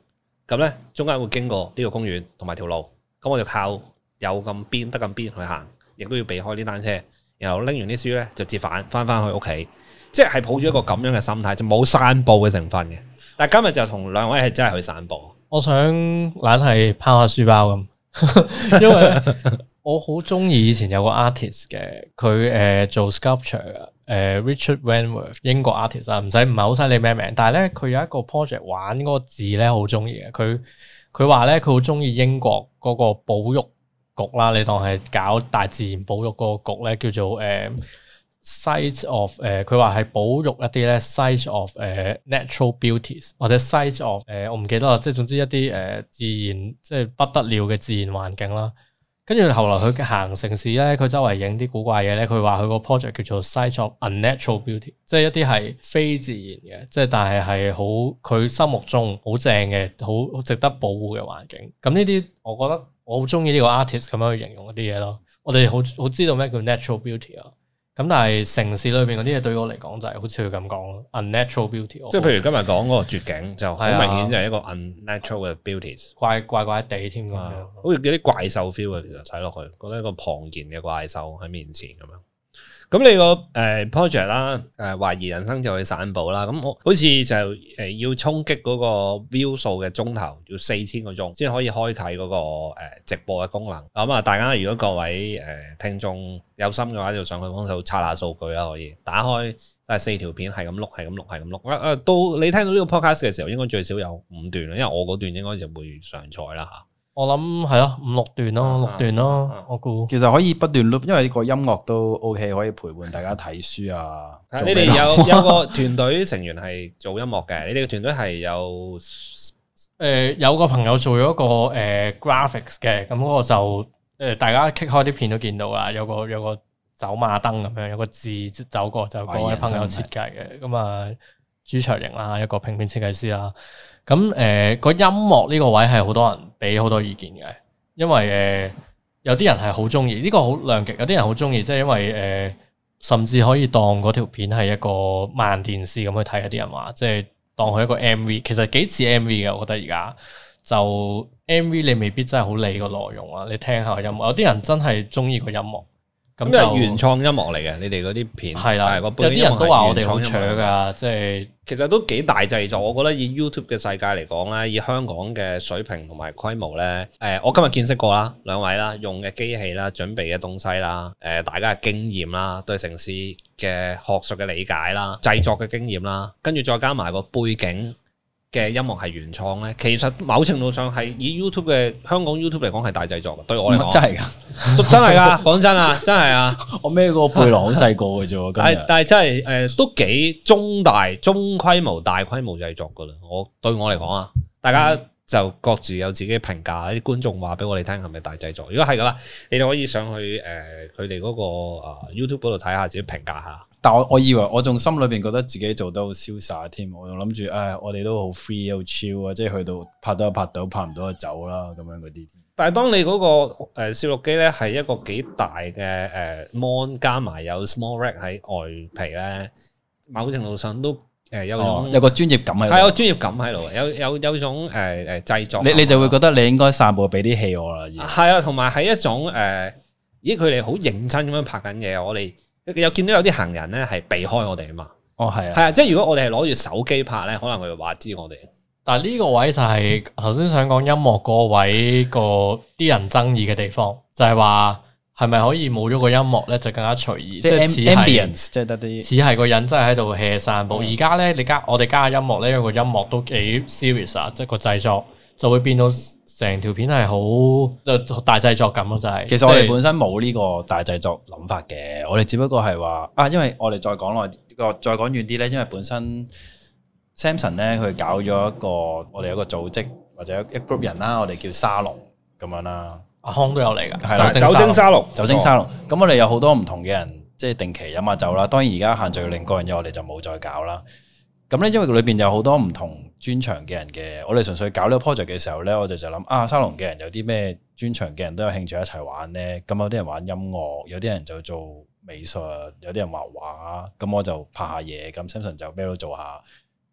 Speaker 1: 咁呢，中間會經過呢個公園同埋條路。咁我就靠有咁邊得咁邊去行，亦都要避開啲單車。然後拎完啲書呢，就折返翻翻去屋企，即係係抱住一個咁樣嘅心態，就冇散步嘅成分嘅。但係今日就同兩位係真係去散步。
Speaker 2: 我想懶係拋下書包咁， 因為。 我好中意以前有個 artist 嘅，佢誒、呃、做 sculpture 嘅，誒、呃、Richard Wentworth 英國 artist 啊，唔使唔係好犀利咩名，但係咧佢有一個 project 玩嗰個字咧好中意嘅，佢佢話咧佢好中意英國嗰個保育局啦，你當係搞大自然保育嗰個局咧，叫做誒、呃、sites of 誒佢話係保育一啲咧 sites of 誒、呃、natural beauties 或者 sites of 誒、呃、我唔記得啦，即係總之一啲誒、呃、自然即係不得了嘅自然環境啦。跟住後來佢行城市咧，佢周圍影啲古怪嘢咧。佢話佢個 project 叫做 site of unnatural beauty，即係一啲係非自然嘅，即係但係係好佢心目中好正嘅，好值得保護嘅環境。咁呢啲我覺得我好中意呢個 artist 咁樣去形容一啲嘢咯。我哋好好知道咩叫 natural beauty 咯。咁但係城市裏面嗰啲嘢對我嚟講就係、是、好似佢咁講，unnatural beauty。即係譬如今日講嗰個絕景就好明顯就係一
Speaker 1: 個 unnatural 嘅 beauty、啊。怪怪怪地添啊！好似有啲怪獸 feel 嘅，其實睇落去覺得一個龐然嘅怪獸喺面前咁樣。咁你個誒 project 啦，誒懷疑人生就去散步啦。咁我好似就誒要衝擊嗰個 view 數嘅鐘頭，要四千個鐘先可以開啟嗰個誒直播嘅功能。咁、嗯、啊，大家如果各位誒聽眾有心嘅話，就上去嗰度查下數據啦。可以打開，但係四條片係咁錄，係咁錄，係咁錄。誒誒，到你聽到呢個 podcast 嘅時候，應該最少有五段啦，因為我嗰段應該就會上載啦吓。
Speaker 4: 我諗係咯，五六段咯，六段咯，我估。其實可以不斷 look，因為呢個音樂都 OK，可以陪伴大家睇書啊。你哋有有個
Speaker 1: 團隊成員係做音樂嘅，你哋個團隊係
Speaker 2: 有誒有個朋友做咗個誒 graphics 嘅，咁嗰就誒大家 kick 開啲片都見到啦，有個有個走馬燈咁樣，有個字即走過就個位朋友設計嘅，咁啊。朱卓瑩啦，一個平面設計師啦，咁誒個音樂呢個位係好多人俾好多意見嘅，因為誒有啲人係好中意呢個好量極，有啲人好中意，即係因為誒、呃、甚至可以當嗰條片係一個慢電視咁去睇，有啲人話即係當佢一個 MV，其實幾似 MV 嘅，我覺得而家就 MV 你未必真係好理個內容啊，你聽下音樂，有啲人真係中意個音樂。咁又係原創音樂嚟嘅，你哋嗰啲片係啦，有啲人都話我哋好搶噶，即係其實都幾大製作。我覺得以
Speaker 1: YouTube 嘅世界嚟講咧，以香港嘅水平同埋規模咧，誒，我今日見識過啦，兩位啦，用嘅機器啦，準備嘅東西啦，誒，大家嘅經驗啦，對城市嘅學術嘅理解啦，製作嘅經驗啦，跟住再加埋個背景。嘅音樂係原創咧，其實某程度上係以 YouTube 嘅香港 YouTube 嚟講係大製作嘅。對我嚟講，真係㗎、啊 ，
Speaker 4: 真係㗎。
Speaker 1: 講真啊，真係啊， 我
Speaker 4: 孭個背囊好細個嘅啫。係，
Speaker 1: 但係真係誒、呃，都幾中大中規模大規模製作㗎啦。我對我嚟講啊，大家就各自有自己評價啦。啲、嗯、觀眾話俾我哋聽係咪大製作？如果係㗎啦，你哋可以上去誒佢哋嗰個 YouTube 嗰度睇下自己評價
Speaker 4: 下。但我，我以為我仲心裏邊覺得自己做得好瀟灑添，我仲諗住，唉，我哋都好 free、好 chill 啊，即係去到拍到拍到，拍唔到就走啦，咁樣嗰啲。
Speaker 1: 但係當你嗰個誒攝錄機咧係一個幾大嘅誒 mon 加埋有 small rack 喺外皮咧，某程度上都誒有、哦、有個專業感喺度。係有專業感喺度，有有有種誒誒、呃、製作。你你就會
Speaker 4: 覺得你應該散步俾啲戲我啦。
Speaker 1: 係啊，同埋係一種誒，咦、呃？佢哋好認真咁樣拍緊嘢，我哋。有見到有啲行人咧係避開我哋啊嘛，
Speaker 4: 哦係，係啊，係
Speaker 1: 啊，即係如果我哋係攞住手機拍咧，可能佢會話知我哋。
Speaker 2: 但係呢個位就係頭先想講音樂位個位個啲人爭議嘅地方，就係話係咪可以冇咗個音樂咧，就更加隨意，即係
Speaker 4: 只係似係
Speaker 2: 個人真係喺度 hea 散步。而家咧，你加我哋加嘅音樂咧，因為個音樂都幾 serious 啊、嗯，即係個製作。就會變到成條片係好大製作咁咯，就係。其實我哋本
Speaker 4: 身冇呢個大製作諗法嘅，我哋只不過係話啊，因為我哋再講耐個再講遠啲咧，因為本身 Samson 咧，佢搞咗一個我哋有個組織或者一 group 人啦，我哋叫沙龍咁樣啦。阿康
Speaker 2: 都有嚟噶，係啦的，酒精沙龍，酒精沙龍。
Speaker 4: 咁沒錯 我哋有好多唔同嘅人，即係定期飲下酒啦。當然而家限聚令各樣嘢，我哋就冇再搞啦。咁咧，因為裏邊有好多唔同。專長嘅人嘅，我哋純粹搞呢個 project 嘅時候咧，我哋就諗啊沙龍嘅人有啲咩專長嘅人都有興趣一齊玩咧，咁有啲人玩音樂，有啲人就做美術，有啲人畫畫，咁我就拍下嘢，咁 simply 就咩都做下，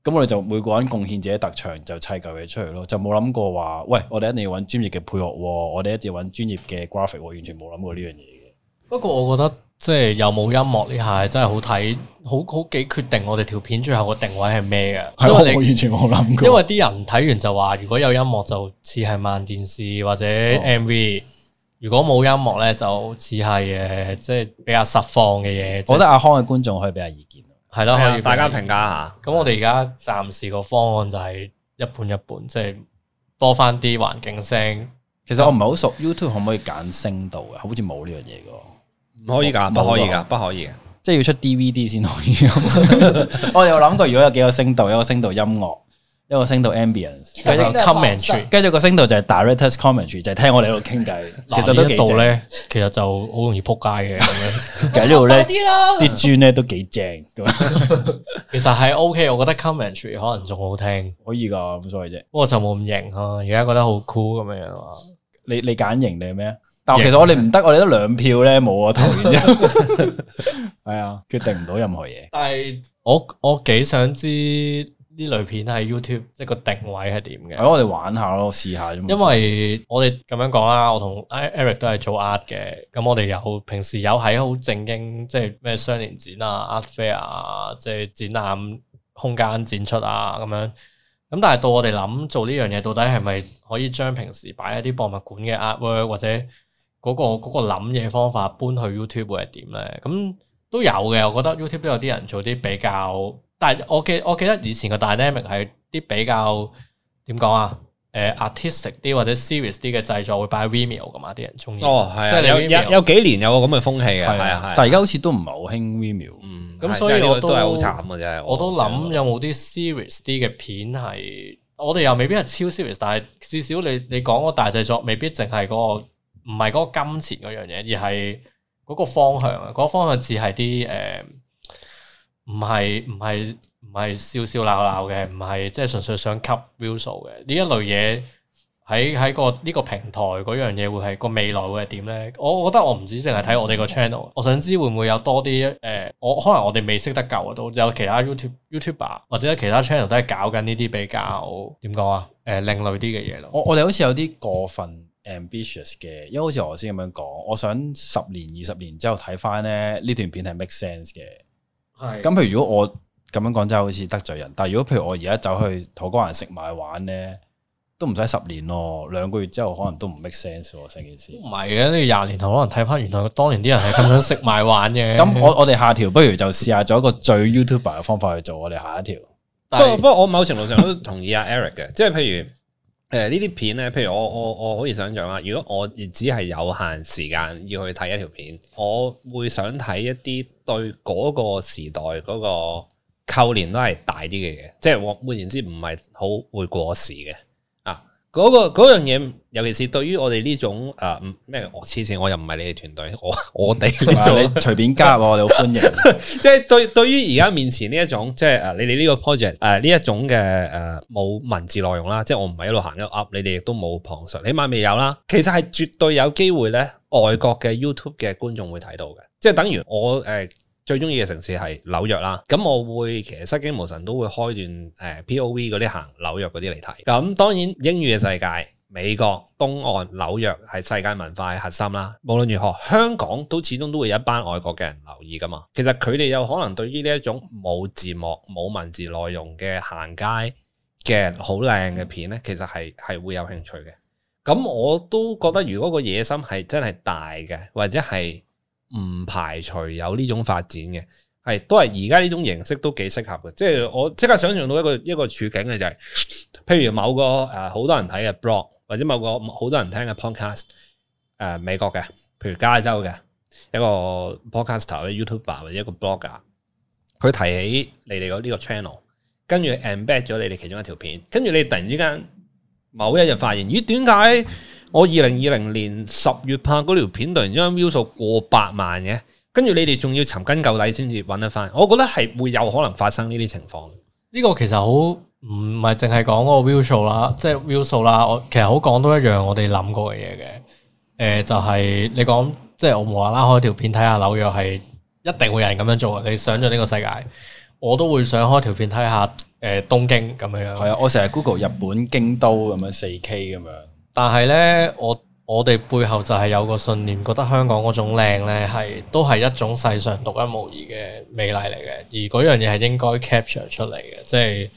Speaker 4: 咁我哋就每個人貢獻自己特長就砌嚿嘢出嚟咯，就冇諗過話，喂，我哋一定要揾專業嘅配樂，我哋一定要揾專業嘅 graphic，我完全冇諗過呢樣嘢嘅。
Speaker 2: 不過我覺得。即係又冇音樂呢下，真係好睇，好好幾決定，我哋條片最後個定位係咩嘅。的因為我
Speaker 4: 以前冇諗過，因為
Speaker 2: 啲人睇完就話，如果有音樂就似係慢電視或者 MV，、哦、如果冇音樂呢，就似係誒，即係比較實況嘅嘢。嗯就是、我覺得阿康
Speaker 4: 嘅觀眾可以俾下意見，
Speaker 2: 係咯，可以大家評價下。咁我哋而家暫時個方案就係一半一半，的即係多翻啲環境聲。其實我唔係好
Speaker 4: 熟，YouTube 可唔可以揀聲度嘅？好似冇呢樣嘢嘅。唔可以噶，不可以噶，不可以。即係要出 DVD 先可以。我哋有諗過，如果有幾個聲道，一個聲道音樂，一個聲道 Ambience，一個聲道 Commentary，跟住個聲道就係 Directors Commentary，就係聽我哋喺度傾偈。其實呢度咧，其實就好容易扑街嘅咁樣。其實呢啲磚咧
Speaker 2: 都幾正。其實係 OK，我覺得 Commentary 可能仲好聽，
Speaker 4: 可以噶咁所謂啫。不過就冇咁型咯，而家覺得好 cool 咁樣樣。你你揀型定咩啊？其實我哋唔得， 我哋得兩票咧，冇啊，投票啫，係啊、 哎，決定唔到任何嘢。但係
Speaker 2: 我我幾想知呢類片喺 YouTube 即係個定位係點嘅？係、哎、我哋玩下咯，試下啫嘛。因為我哋咁樣講啊，我同 Eric 都係做 art 嘅，咁我哋有平時有喺好正經，即係咩雙年展啊、art fair 啊，即係展覽空間展出啊咁樣。咁但係到我哋諗做呢樣嘢，到底係咪可以將平時擺喺啲博物館嘅 artwork 或者？嗰個嗰個諗嘢方法搬去 YouTube 會係點咧？咁都有嘅，我覺得 YouTube 都有啲人做啲比較。但係我記我記得以前個 Dynamic 係啲比較點講啊？誒，Artistic 啲或者 Serious 啲嘅製作會擺 Vimeo 噶嘛？啲人中意哦，係、啊、即係你有有
Speaker 1: 有幾年有個咁嘅風氣嘅，係啊係。啊但係而家好似都唔係好興 Vimeo，咁所以我都係好慘
Speaker 2: 嘅啫。我都諗有冇啲 Serious 啲嘅片係，我哋又未必係超 Serious，但係至少你你講個大製作未必淨係嗰個。唔係嗰個金錢嗰樣嘢，而係嗰個方向啊！嗰、那個方向只係啲誒，唔係唔係唔係笑笑鬧鬧嘅，唔係即係純粹想吸 view 數嘅呢一類嘢。喺喺個呢個平台嗰樣嘢會係個未來會係點咧？我我覺得我唔止淨係睇我哋個 channel，我想知會唔會有多啲誒、呃，我可能我哋未識得夠，都有其他 YouTube YouTuber 或者其他 channel 都係搞緊呢啲比較
Speaker 4: 點講啊？誒、呃，另類啲嘅嘢咯。我我哋好似有啲過分。Ambitious 嘅，因為好似我先咁樣講，我想十年、二十年之後睇翻咧，呢段片係 make sense 嘅。係。
Speaker 1: 咁譬如
Speaker 4: 如果我咁樣講真係好似得罪人，但係如果譬如我而家走去土瓜灣食埋玩咧，都唔使十年咯，兩個月之後可能都唔 make sense 咯，成件事。唔係嘅，
Speaker 2: 你要廿年後可能睇翻原來當年啲人係咁樣食埋玩嘅。咁 我我哋下條
Speaker 4: 不如就試下做一個最 YouTuber 嘅方法去做，我哋下一條。但 不過不過我
Speaker 2: 某程度上都同意
Speaker 1: 阿 Eric 嘅，即係譬如。誒，呢啲、呃、片咧，譬如我我我可以想象啊，如果我亦只係有限時間要去睇一條片，我會想睇一啲對嗰個時代嗰個扣連都係大啲嘅嘢，即係換言之唔係好會過時嘅。嗰個嗰樣嘢，尤其是對於我哋呢種啊，咩我黐線，我又唔係你哋團隊，我我哋做，
Speaker 4: 隨便加入我哋好歡迎。
Speaker 1: 即係對，對於而家面前呢一種，即係啊，你哋呢個 project 誒呢一種嘅，誒冇文字內容啦，即係我唔係一路行一路 up，你哋亦都冇旁述，起碼未有啦。其實係絕對有機會咧，外國嘅 YouTube 嘅觀眾會睇到嘅，即係等於我誒。呃最中意嘅城市係紐約啦，咁我會其實失驚無神都會開段誒 POV 嗰啲行紐約嗰啲嚟睇，咁當然英語嘅世界，美國東岸紐約係世界文化嘅核心啦。無論如何，香港都始終都會有一班外國嘅人留意㗎嘛。其實佢哋有可能對於呢一種冇字幕、冇文字內容嘅行街嘅好靚嘅片咧，其實係係會有興趣嘅。咁我都覺得，如果個野心係真係大嘅，或者係。唔排除有呢種發展嘅，係都係而家呢種形式都幾適合嘅。即係我即刻想象到一個一個處境嘅就係，譬如某個誒好多人睇嘅 blog 或者某個好多人聽嘅 podcast 誒美國嘅，譬如加州嘅一個 podcaster 或者 youtuber 或者一個 blogger，佢提起你哋嘅呢個 channel，跟住 embed 咗你哋其中一條片，跟住你突然之間某一日發現咦點解？我二零二零年十月拍嗰條片，突然之間 view 數過百萬嘅，跟住你哋仲要尋根究底先至揾
Speaker 2: 得翻，我覺得係會有可能發生呢啲情況。呢個其實好唔係淨係講個 view 啦，即係 view 啦。我其實好講多一樣我哋諗過嘅嘢嘅，誒、呃，就係、是、你講，即係我無啦啦開條片睇下紐約係一定會有人咁樣做。你想象呢個世界，我都會想開條片睇下，誒、呃，東京咁樣。係啊，我成
Speaker 4: 日 Google 日本京都咁樣四 K 咁樣。
Speaker 2: 但係咧，我我哋背後就係有個信念，覺得香港嗰種靚咧，係都係一種世上獨一無二嘅美麗嚟嘅，而嗰樣嘢係應該 capture 出嚟嘅，即係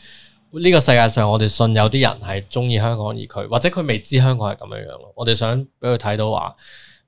Speaker 2: 呢個世界上，我哋信有啲人係中意香港而佢，或者佢未知香港係咁樣樣咯，我哋想畀佢睇到話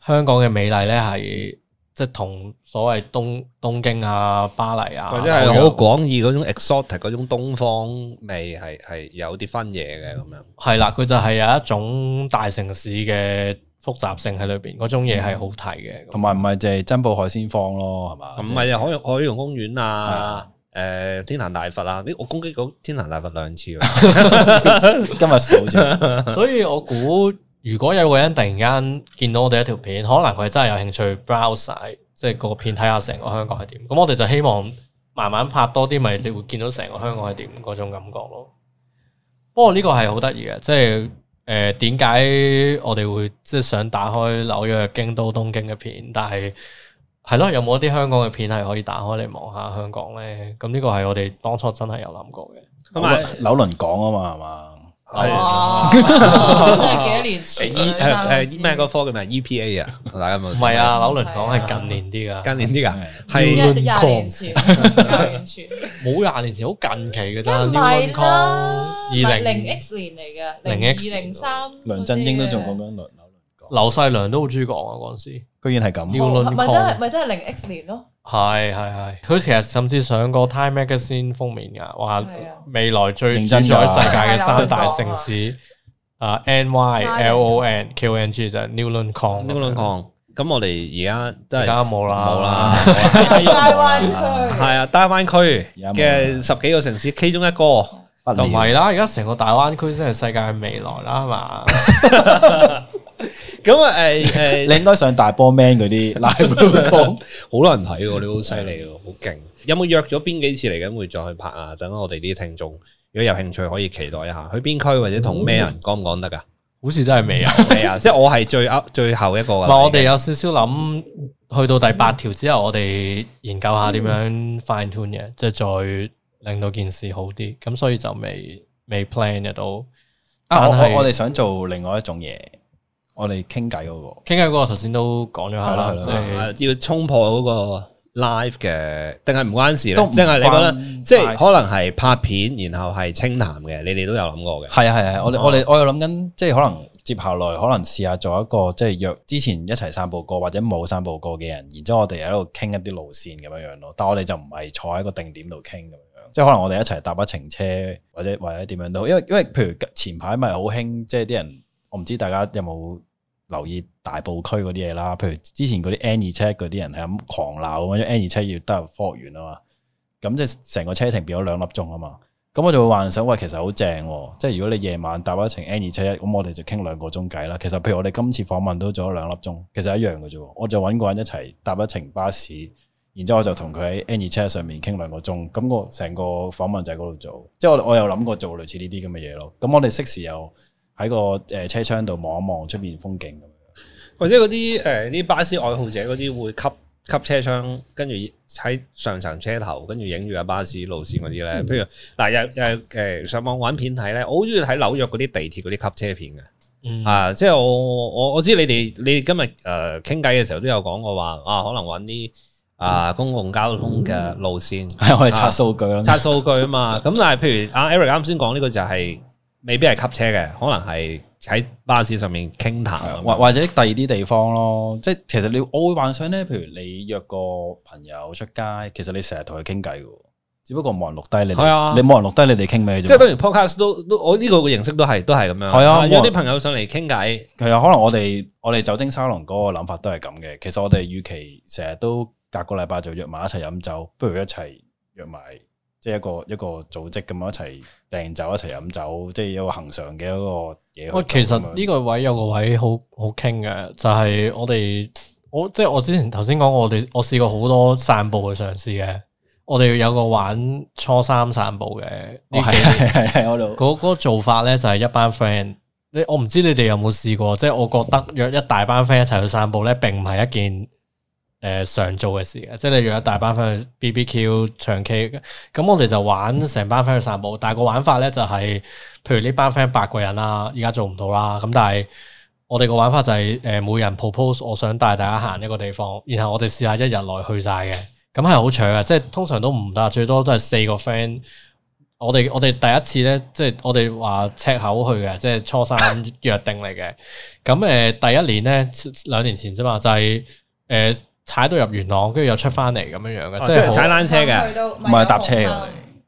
Speaker 2: 香港嘅美麗咧係。即係同所謂東東京啊、巴黎啊，或者係好廣
Speaker 1: 義嗰種 exotic 嗰種東方味，係係有啲
Speaker 2: 分嘢嘅咁樣。係啦、嗯，佢就係有一種大城市嘅複雜性喺裏邊，嗰種嘢係好睇嘅。
Speaker 4: 同埋唔係淨係珍寶海鮮坊咯，係嘛？唔係啊，海
Speaker 2: 洋海洋公
Speaker 1: 園啊，誒、呃，天壇大佛啊，呢我攻擊過天壇大佛兩次
Speaker 4: 今，今日少咗。
Speaker 2: 所以我估。如果有個人突然間見到我哋一條片，可能佢真係有興趣 browse 晒，即係個片睇下成個香港係點。咁、嗯、我哋就希望慢慢拍多啲，咪你會見到成個香港係點嗰種感覺咯。不過呢個係好得意嘅，即係誒點解我哋會即係想打開紐約、京都、東京嘅片，但係係咯，有冇一啲香港嘅片係可以打開嚟望下香港咧？咁呢個係我哋當初真係有諗過嘅。
Speaker 4: 同埋紐倫港啊嘛，係嘛、
Speaker 2: 嗯？係真係幾多年前？E 誒誒咩個科嘅咩 EPA 啊？同大家問唔係啊？紐倫港係近年啲噶，近年啲噶，係廿年前，冇廿年前，好近期嘅咋。二零零 X 年嚟嘅，零
Speaker 3: X 零三。梁振英都仲講
Speaker 2: 講紐紐倫港，劉世良都好中意講啊！嗰陣時居然係咁，咪真係
Speaker 3: 咪真係零 X 年咯？
Speaker 2: 係係係，佢其實甚至上過 Time Magazine 封面噶，話未來最主宰世界嘅三大城市，啊認真、 uh, N Y L O N K O N G 就 Nylonkong，Nylonkong。咁我哋而家而家冇啦冇啦，大灣區
Speaker 1: 係啊，大灣區嘅十幾個城市其中一個，就唔係啦，而家成個大
Speaker 2: 灣區先係世界嘅未來啦，係嘛？ 咁啊誒誒，你
Speaker 4: 應該上大波 man 嗰啲 live 好多人睇喎，你好犀利
Speaker 2: 好勁！
Speaker 1: 有冇約咗邊幾次嚟緊會再去拍啊？等我哋啲聽眾，如果有興趣可以期待一下，去
Speaker 2: 邊區或者同咩人講
Speaker 1: 唔講得噶？好似真係未啊，係啊， 即係我係最後最後一個。唔 我哋
Speaker 2: 有少少諗，去到第八條之後，我哋研究下點樣 fine tune 嘅，即係再令到件事好啲。咁所以就未未 plan 嘅
Speaker 4: 到。但、啊、我我哋想做另外一種嘢。我哋傾偈嗰個傾偈嗰
Speaker 1: 個頭先都講咗下啦，係啦，要衝破嗰個 live 嘅，定係唔關事咧？即係你覺得，即係可能係拍片，然後係清談嘅。你哋都有諗過
Speaker 4: 嘅。係啊，係啊，我哋、哦、我哋我有諗緊，即係可能接下來可能試下做一個即係約之前一齊散步過或者冇散步過嘅人，然之後我哋喺度傾一啲路線咁樣樣咯。但係我哋就唔係坐喺個定點度傾咁樣，即係可能我哋一齊搭一程車或者或者點樣都，因為因為譬如前排咪好興，即係啲人。我唔知大家有冇留意大埔區嗰啲嘢啦，譬如之前嗰啲 N 二七嗰啲人係咁狂鬧，咁樣 N 二七要加入科學園啊嘛，咁即係成個車程變咗兩粒鐘啊嘛，咁我就會幻想喂，其實好正，即係如果你夜晚搭一程 N 二七一，咁我哋就傾兩個鐘計啦。其實譬如我哋今次訪問都做咗兩粒鐘，其實一樣嘅啫。我就搵個人一齊搭一程巴士，然之後我就同佢喺 N 二七一上面傾兩個鐘，咁我成個訪問就喺嗰度做。即係我我有諗過做類似呢啲咁嘅嘢咯。咁我哋適時又。喺個誒車窗度望一望出邊風景咁樣，
Speaker 1: 或者嗰啲誒啲巴士愛好者嗰啲會吸吸車窗，跟住喺上層車頭，跟住影住個巴士路線嗰啲咧。嗯、譬如嗱，又誒誒，上網揾片睇咧，我好中意睇紐約嗰啲地鐵嗰啲吸車片嘅。嗯、啊，即係我我我知你哋你哋今日誒傾偈嘅時候都有講過話啊，可能揾啲啊公共交通嘅路線係可以刷數據咯，刷數、啊、據啊嘛。咁 但係譬如阿 Eric 啱先講呢個就係、是。未必係吸車嘅，可能係喺巴士上面傾談，或的
Speaker 4: 或者第二啲地方咯。即係其實你我會幻想咧，譬如你約個朋友出街，其實你成日同佢傾偈嘅，只不過冇人錄低的你錄，你冇的人錄低你哋傾咩？即係的當然 Podcast 都都，我呢
Speaker 1: 個嘅形式都係都係
Speaker 4: 咁樣。係啊的，約啲朋友上嚟傾偈。係啊，可能我哋我哋酒精沙龍嗰個諗法都係咁嘅。其實我哋與其成日都隔個禮拜就約埋一齊飲酒，不如一齊約埋。即係一個一個組織咁樣一齊訂酒，一齊飲酒，即係有個恒常嘅一個嘢。喂，其實
Speaker 2: 呢個位有個位好好傾嘅，就係、是、我哋我即係、就是、我之前頭先講我哋我試過好多散步嘅嘗試嘅，我哋有個玩初三散步嘅，係係係，嗰嗰做法咧就係一班 friend，你我唔知你哋有冇試過，即、就、係、是、我覺得約一大班 friend 一齊去散步咧，並唔係一件。誒、呃、常做嘅事嘅，即係你約一大班 friend B B Q、唱 K，咁我哋就玩成班 friend 去散步。但係個玩法咧就係、是，譬如呢班 friend 八個人啦，而家做唔到啦。咁但係我哋個玩法就係、是、誒、呃，每人 propose，我想帶大家行一個地方，然後我哋試下一日內去晒嘅。咁係好搶嘅，即係通常都唔得，最多都係四個 friend。我哋我哋第一次咧，即係我哋話赤口去嘅，即係初三約定嚟嘅。咁誒、呃，第一年咧，兩年前啫嘛，就係、是、誒。呃踩到入元朗，跟住又出翻嚟咁樣樣嘅，哦、即係踩單車嘅，唔係、嗯、搭車嘅。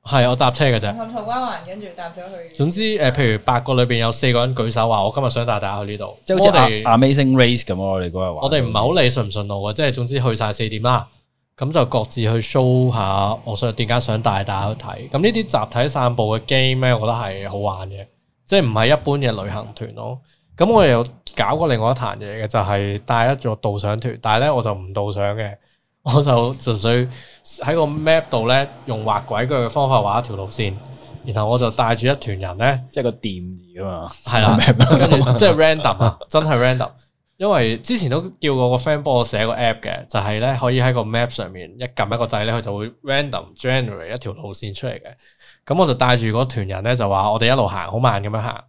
Speaker 2: 係、啊、我搭車嘅啫。行淘灣環，跟住搭咗去。嗯嗯嗯嗯嗯
Speaker 3: 嗯嗯、
Speaker 2: 總之，譬、啊、如八個裏邊有四個人舉手話：我今日想帶大家去呢度。即係好似 Amazing Race 咁我哋嗰日話。我哋唔係好理順唔順路嘅，即係總之去晒四點啦。咁、嗯、就各自去 show 下，我想點解想帶大家去睇。咁呢啲集體散步嘅 game 咧，我覺得係好玩嘅，即係唔係一般嘅旅行團咯。咁我有，搞過另外一壇嘢嘅就係、是、帶一座導賞團，但係咧我就唔導賞嘅，我就純粹喺個 map 度咧用畫鬼腳嘅方法畫一條路線，然後我就帶住一團人咧，即係個
Speaker 4: 店嚟噶嘛，係啦，即係 random
Speaker 2: 啊，真係 random。因為之前都叫過個 friend 幫我寫個 app 嘅，就係、是、咧可以喺個 map 上面一撳一個掣咧，佢就會 random generate 一條路線出嚟嘅。咁我就帶住嗰團人咧就話我哋一路行好慢咁樣行，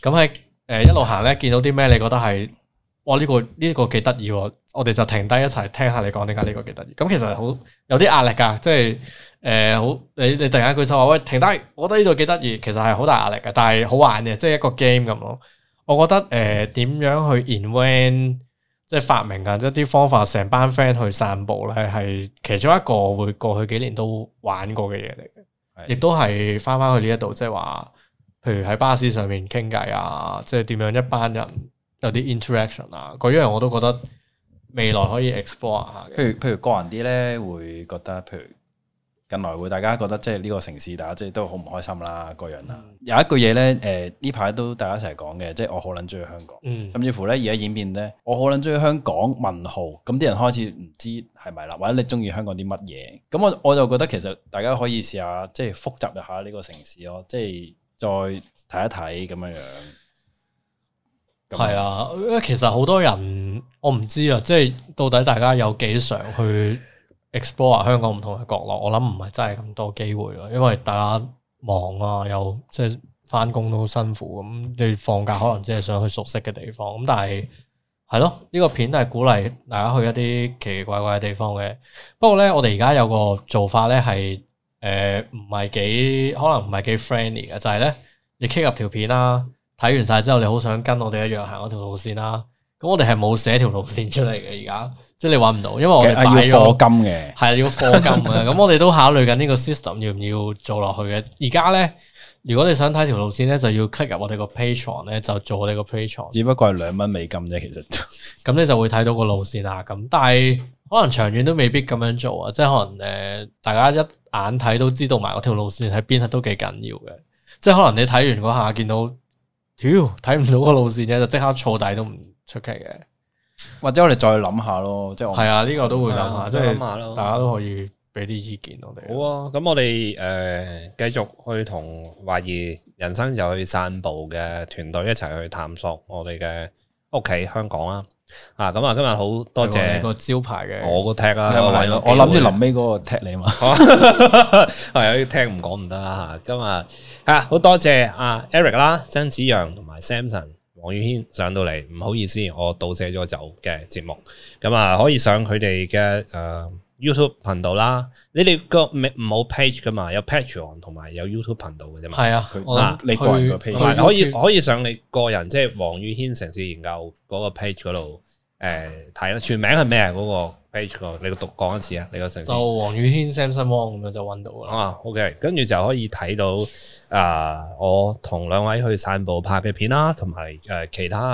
Speaker 2: 咁係。誒，一路行咧，見到啲咩？你覺得係、這個這個，我呢個呢個幾得意喎？我哋就停低一齊聽下你講點解呢個幾得意。咁其實好有啲壓力噶，即係誒，好、呃、你你突然間舉手話喂停低，我覺得呢度幾得意，其實係好大壓力嘅，但係好玩嘅，即係一個 game 咁咯。我覺得誒，點、呃、樣去 invent 即係發明啊一啲方法，成班 friend 去散步咧，係其中一個會過去幾年都玩過嘅嘢嚟嘅，亦都係翻翻去呢一度，即係話。譬如喺巴士上面傾偈啊，即係點樣一班人有啲 interaction 啊。嗰樣我都覺得
Speaker 4: 未來可以 explore 下。譬如譬如個人啲咧會覺得，譬如近來會大家覺得即係呢個城市，大家即係都好唔開心啦。個人啦，嗯、有一句嘢咧，誒呢排都大家一齊講嘅，即係我好撚中意香港。嗯、甚至乎咧而家演變咧，我好撚中意香港問號咁，啲人開始唔知係咪啦，或者你中意香港啲乜嘢？咁我我就覺得其實大家可以試下即係複雜一下呢個城市咯，即係。再睇一睇咁樣樣，
Speaker 2: 係啊，其實好多人我唔知啊，即係到底大家有幾常去 explore 香港唔同嘅角落？我諗唔係真係咁多機會咯，因為大家忙啊，又即係翻工都好辛苦，咁你放假可能只係想去熟悉嘅地方。咁但係係咯，呢個片係鼓勵大家去一啲奇奇怪怪嘅地方嘅。不過咧，我哋而家有個做法咧係。誒，唔係、呃、幾可能唔係幾 friendly 嘅，就係、是、咧，你 click 入條片啦，睇完晒之後你好想跟我哋一樣行嗰條路線啦，咁我哋係冇寫條路線出嚟嘅，而家，即係你搵唔到，因為我哋係、啊、要課金嘅，係要課金嘅，咁 我哋都考慮緊呢個 system 要唔要做落去嘅。而家咧，如果你想睇條路線咧，就要 click 入我哋個 Patreon 咧，就做我哋個 Patreon，只不
Speaker 4: 過係兩蚊美金啫，其實，
Speaker 2: 咁你就會睇到個路線啊，咁，但係可能長遠都未必咁樣做啊，即係可能誒、呃，大家一。眼睇都知道埋嗰條路線喺邊都幾緊要嘅，即係可能你睇完嗰下見到，屌睇唔到個路線咧，就即刻坐底都唔出奇嘅。或者我哋
Speaker 4: 再諗下咯，即係係 啊，呢、呢個都會諗下， 即係大家都可
Speaker 2: 以俾啲意見我哋。
Speaker 1: 好啊，咁我哋誒繼續去同懷疑人生就去散步嘅團隊一齊去探索我哋嘅屋企香港啦。啊，咁啊，今日好多謝個招牌嘅，我個 tag 啊，我諗住臨
Speaker 4: 尾嗰個 tag 你嘛，
Speaker 1: 係啊，要聽唔講唔得啊。今日啊，好多謝阿 Eric 啦、曾梓洋、同埋 Samson、黃宇軒上到嚟，唔好意思，我倒瀉咗酒嘅節目，咁、嗯、啊，可以上佢哋嘅誒 YouTube 頻道啦。你哋個唔冇 page 噶嘛？有 Patreon 同埋有 YouTube 頻道嘅啫嘛。係 啊，嗱，你個人個 page 可以可以上你個人即係黃宇軒城市研究嗰個 page 嗰度。誒睇啦，全名係咩啊？嗰、那個 page 個，你個讀講一次啊，你個姓就黃
Speaker 2: 宇軒 Samson Wong 咁樣就揾到
Speaker 1: 啦。啊，OK，跟住就可以睇到啊、呃，我同兩位去散步拍嘅片啦，同埋誒其他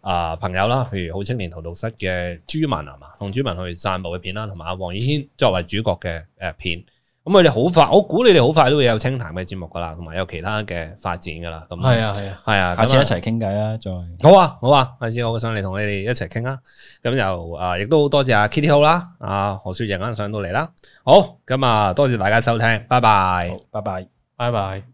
Speaker 1: 啊、呃、朋友啦，譬如好青年荼毒室嘅豬文啊嘛，同豬文去散步嘅片啦，同埋黃宇軒作為主角嘅誒、呃、片。咁我哋好快，我估你哋好快都會有清談嘅節目㗎喇，同埋有其他嘅發展㗎喇。咁、嗯、係啊，
Speaker 4: 係啊，下次一齊傾偈啦，再
Speaker 1: 好啊，好啊，下次我上嚟同你哋一齊傾啦。咁又啊，亦都多謝阿 Kitty 好啦、啊，阿何雪瑩啱上到嚟啦。好，咁、嗯、啊，多謝大家收聽，拜拜，拜拜，拜拜。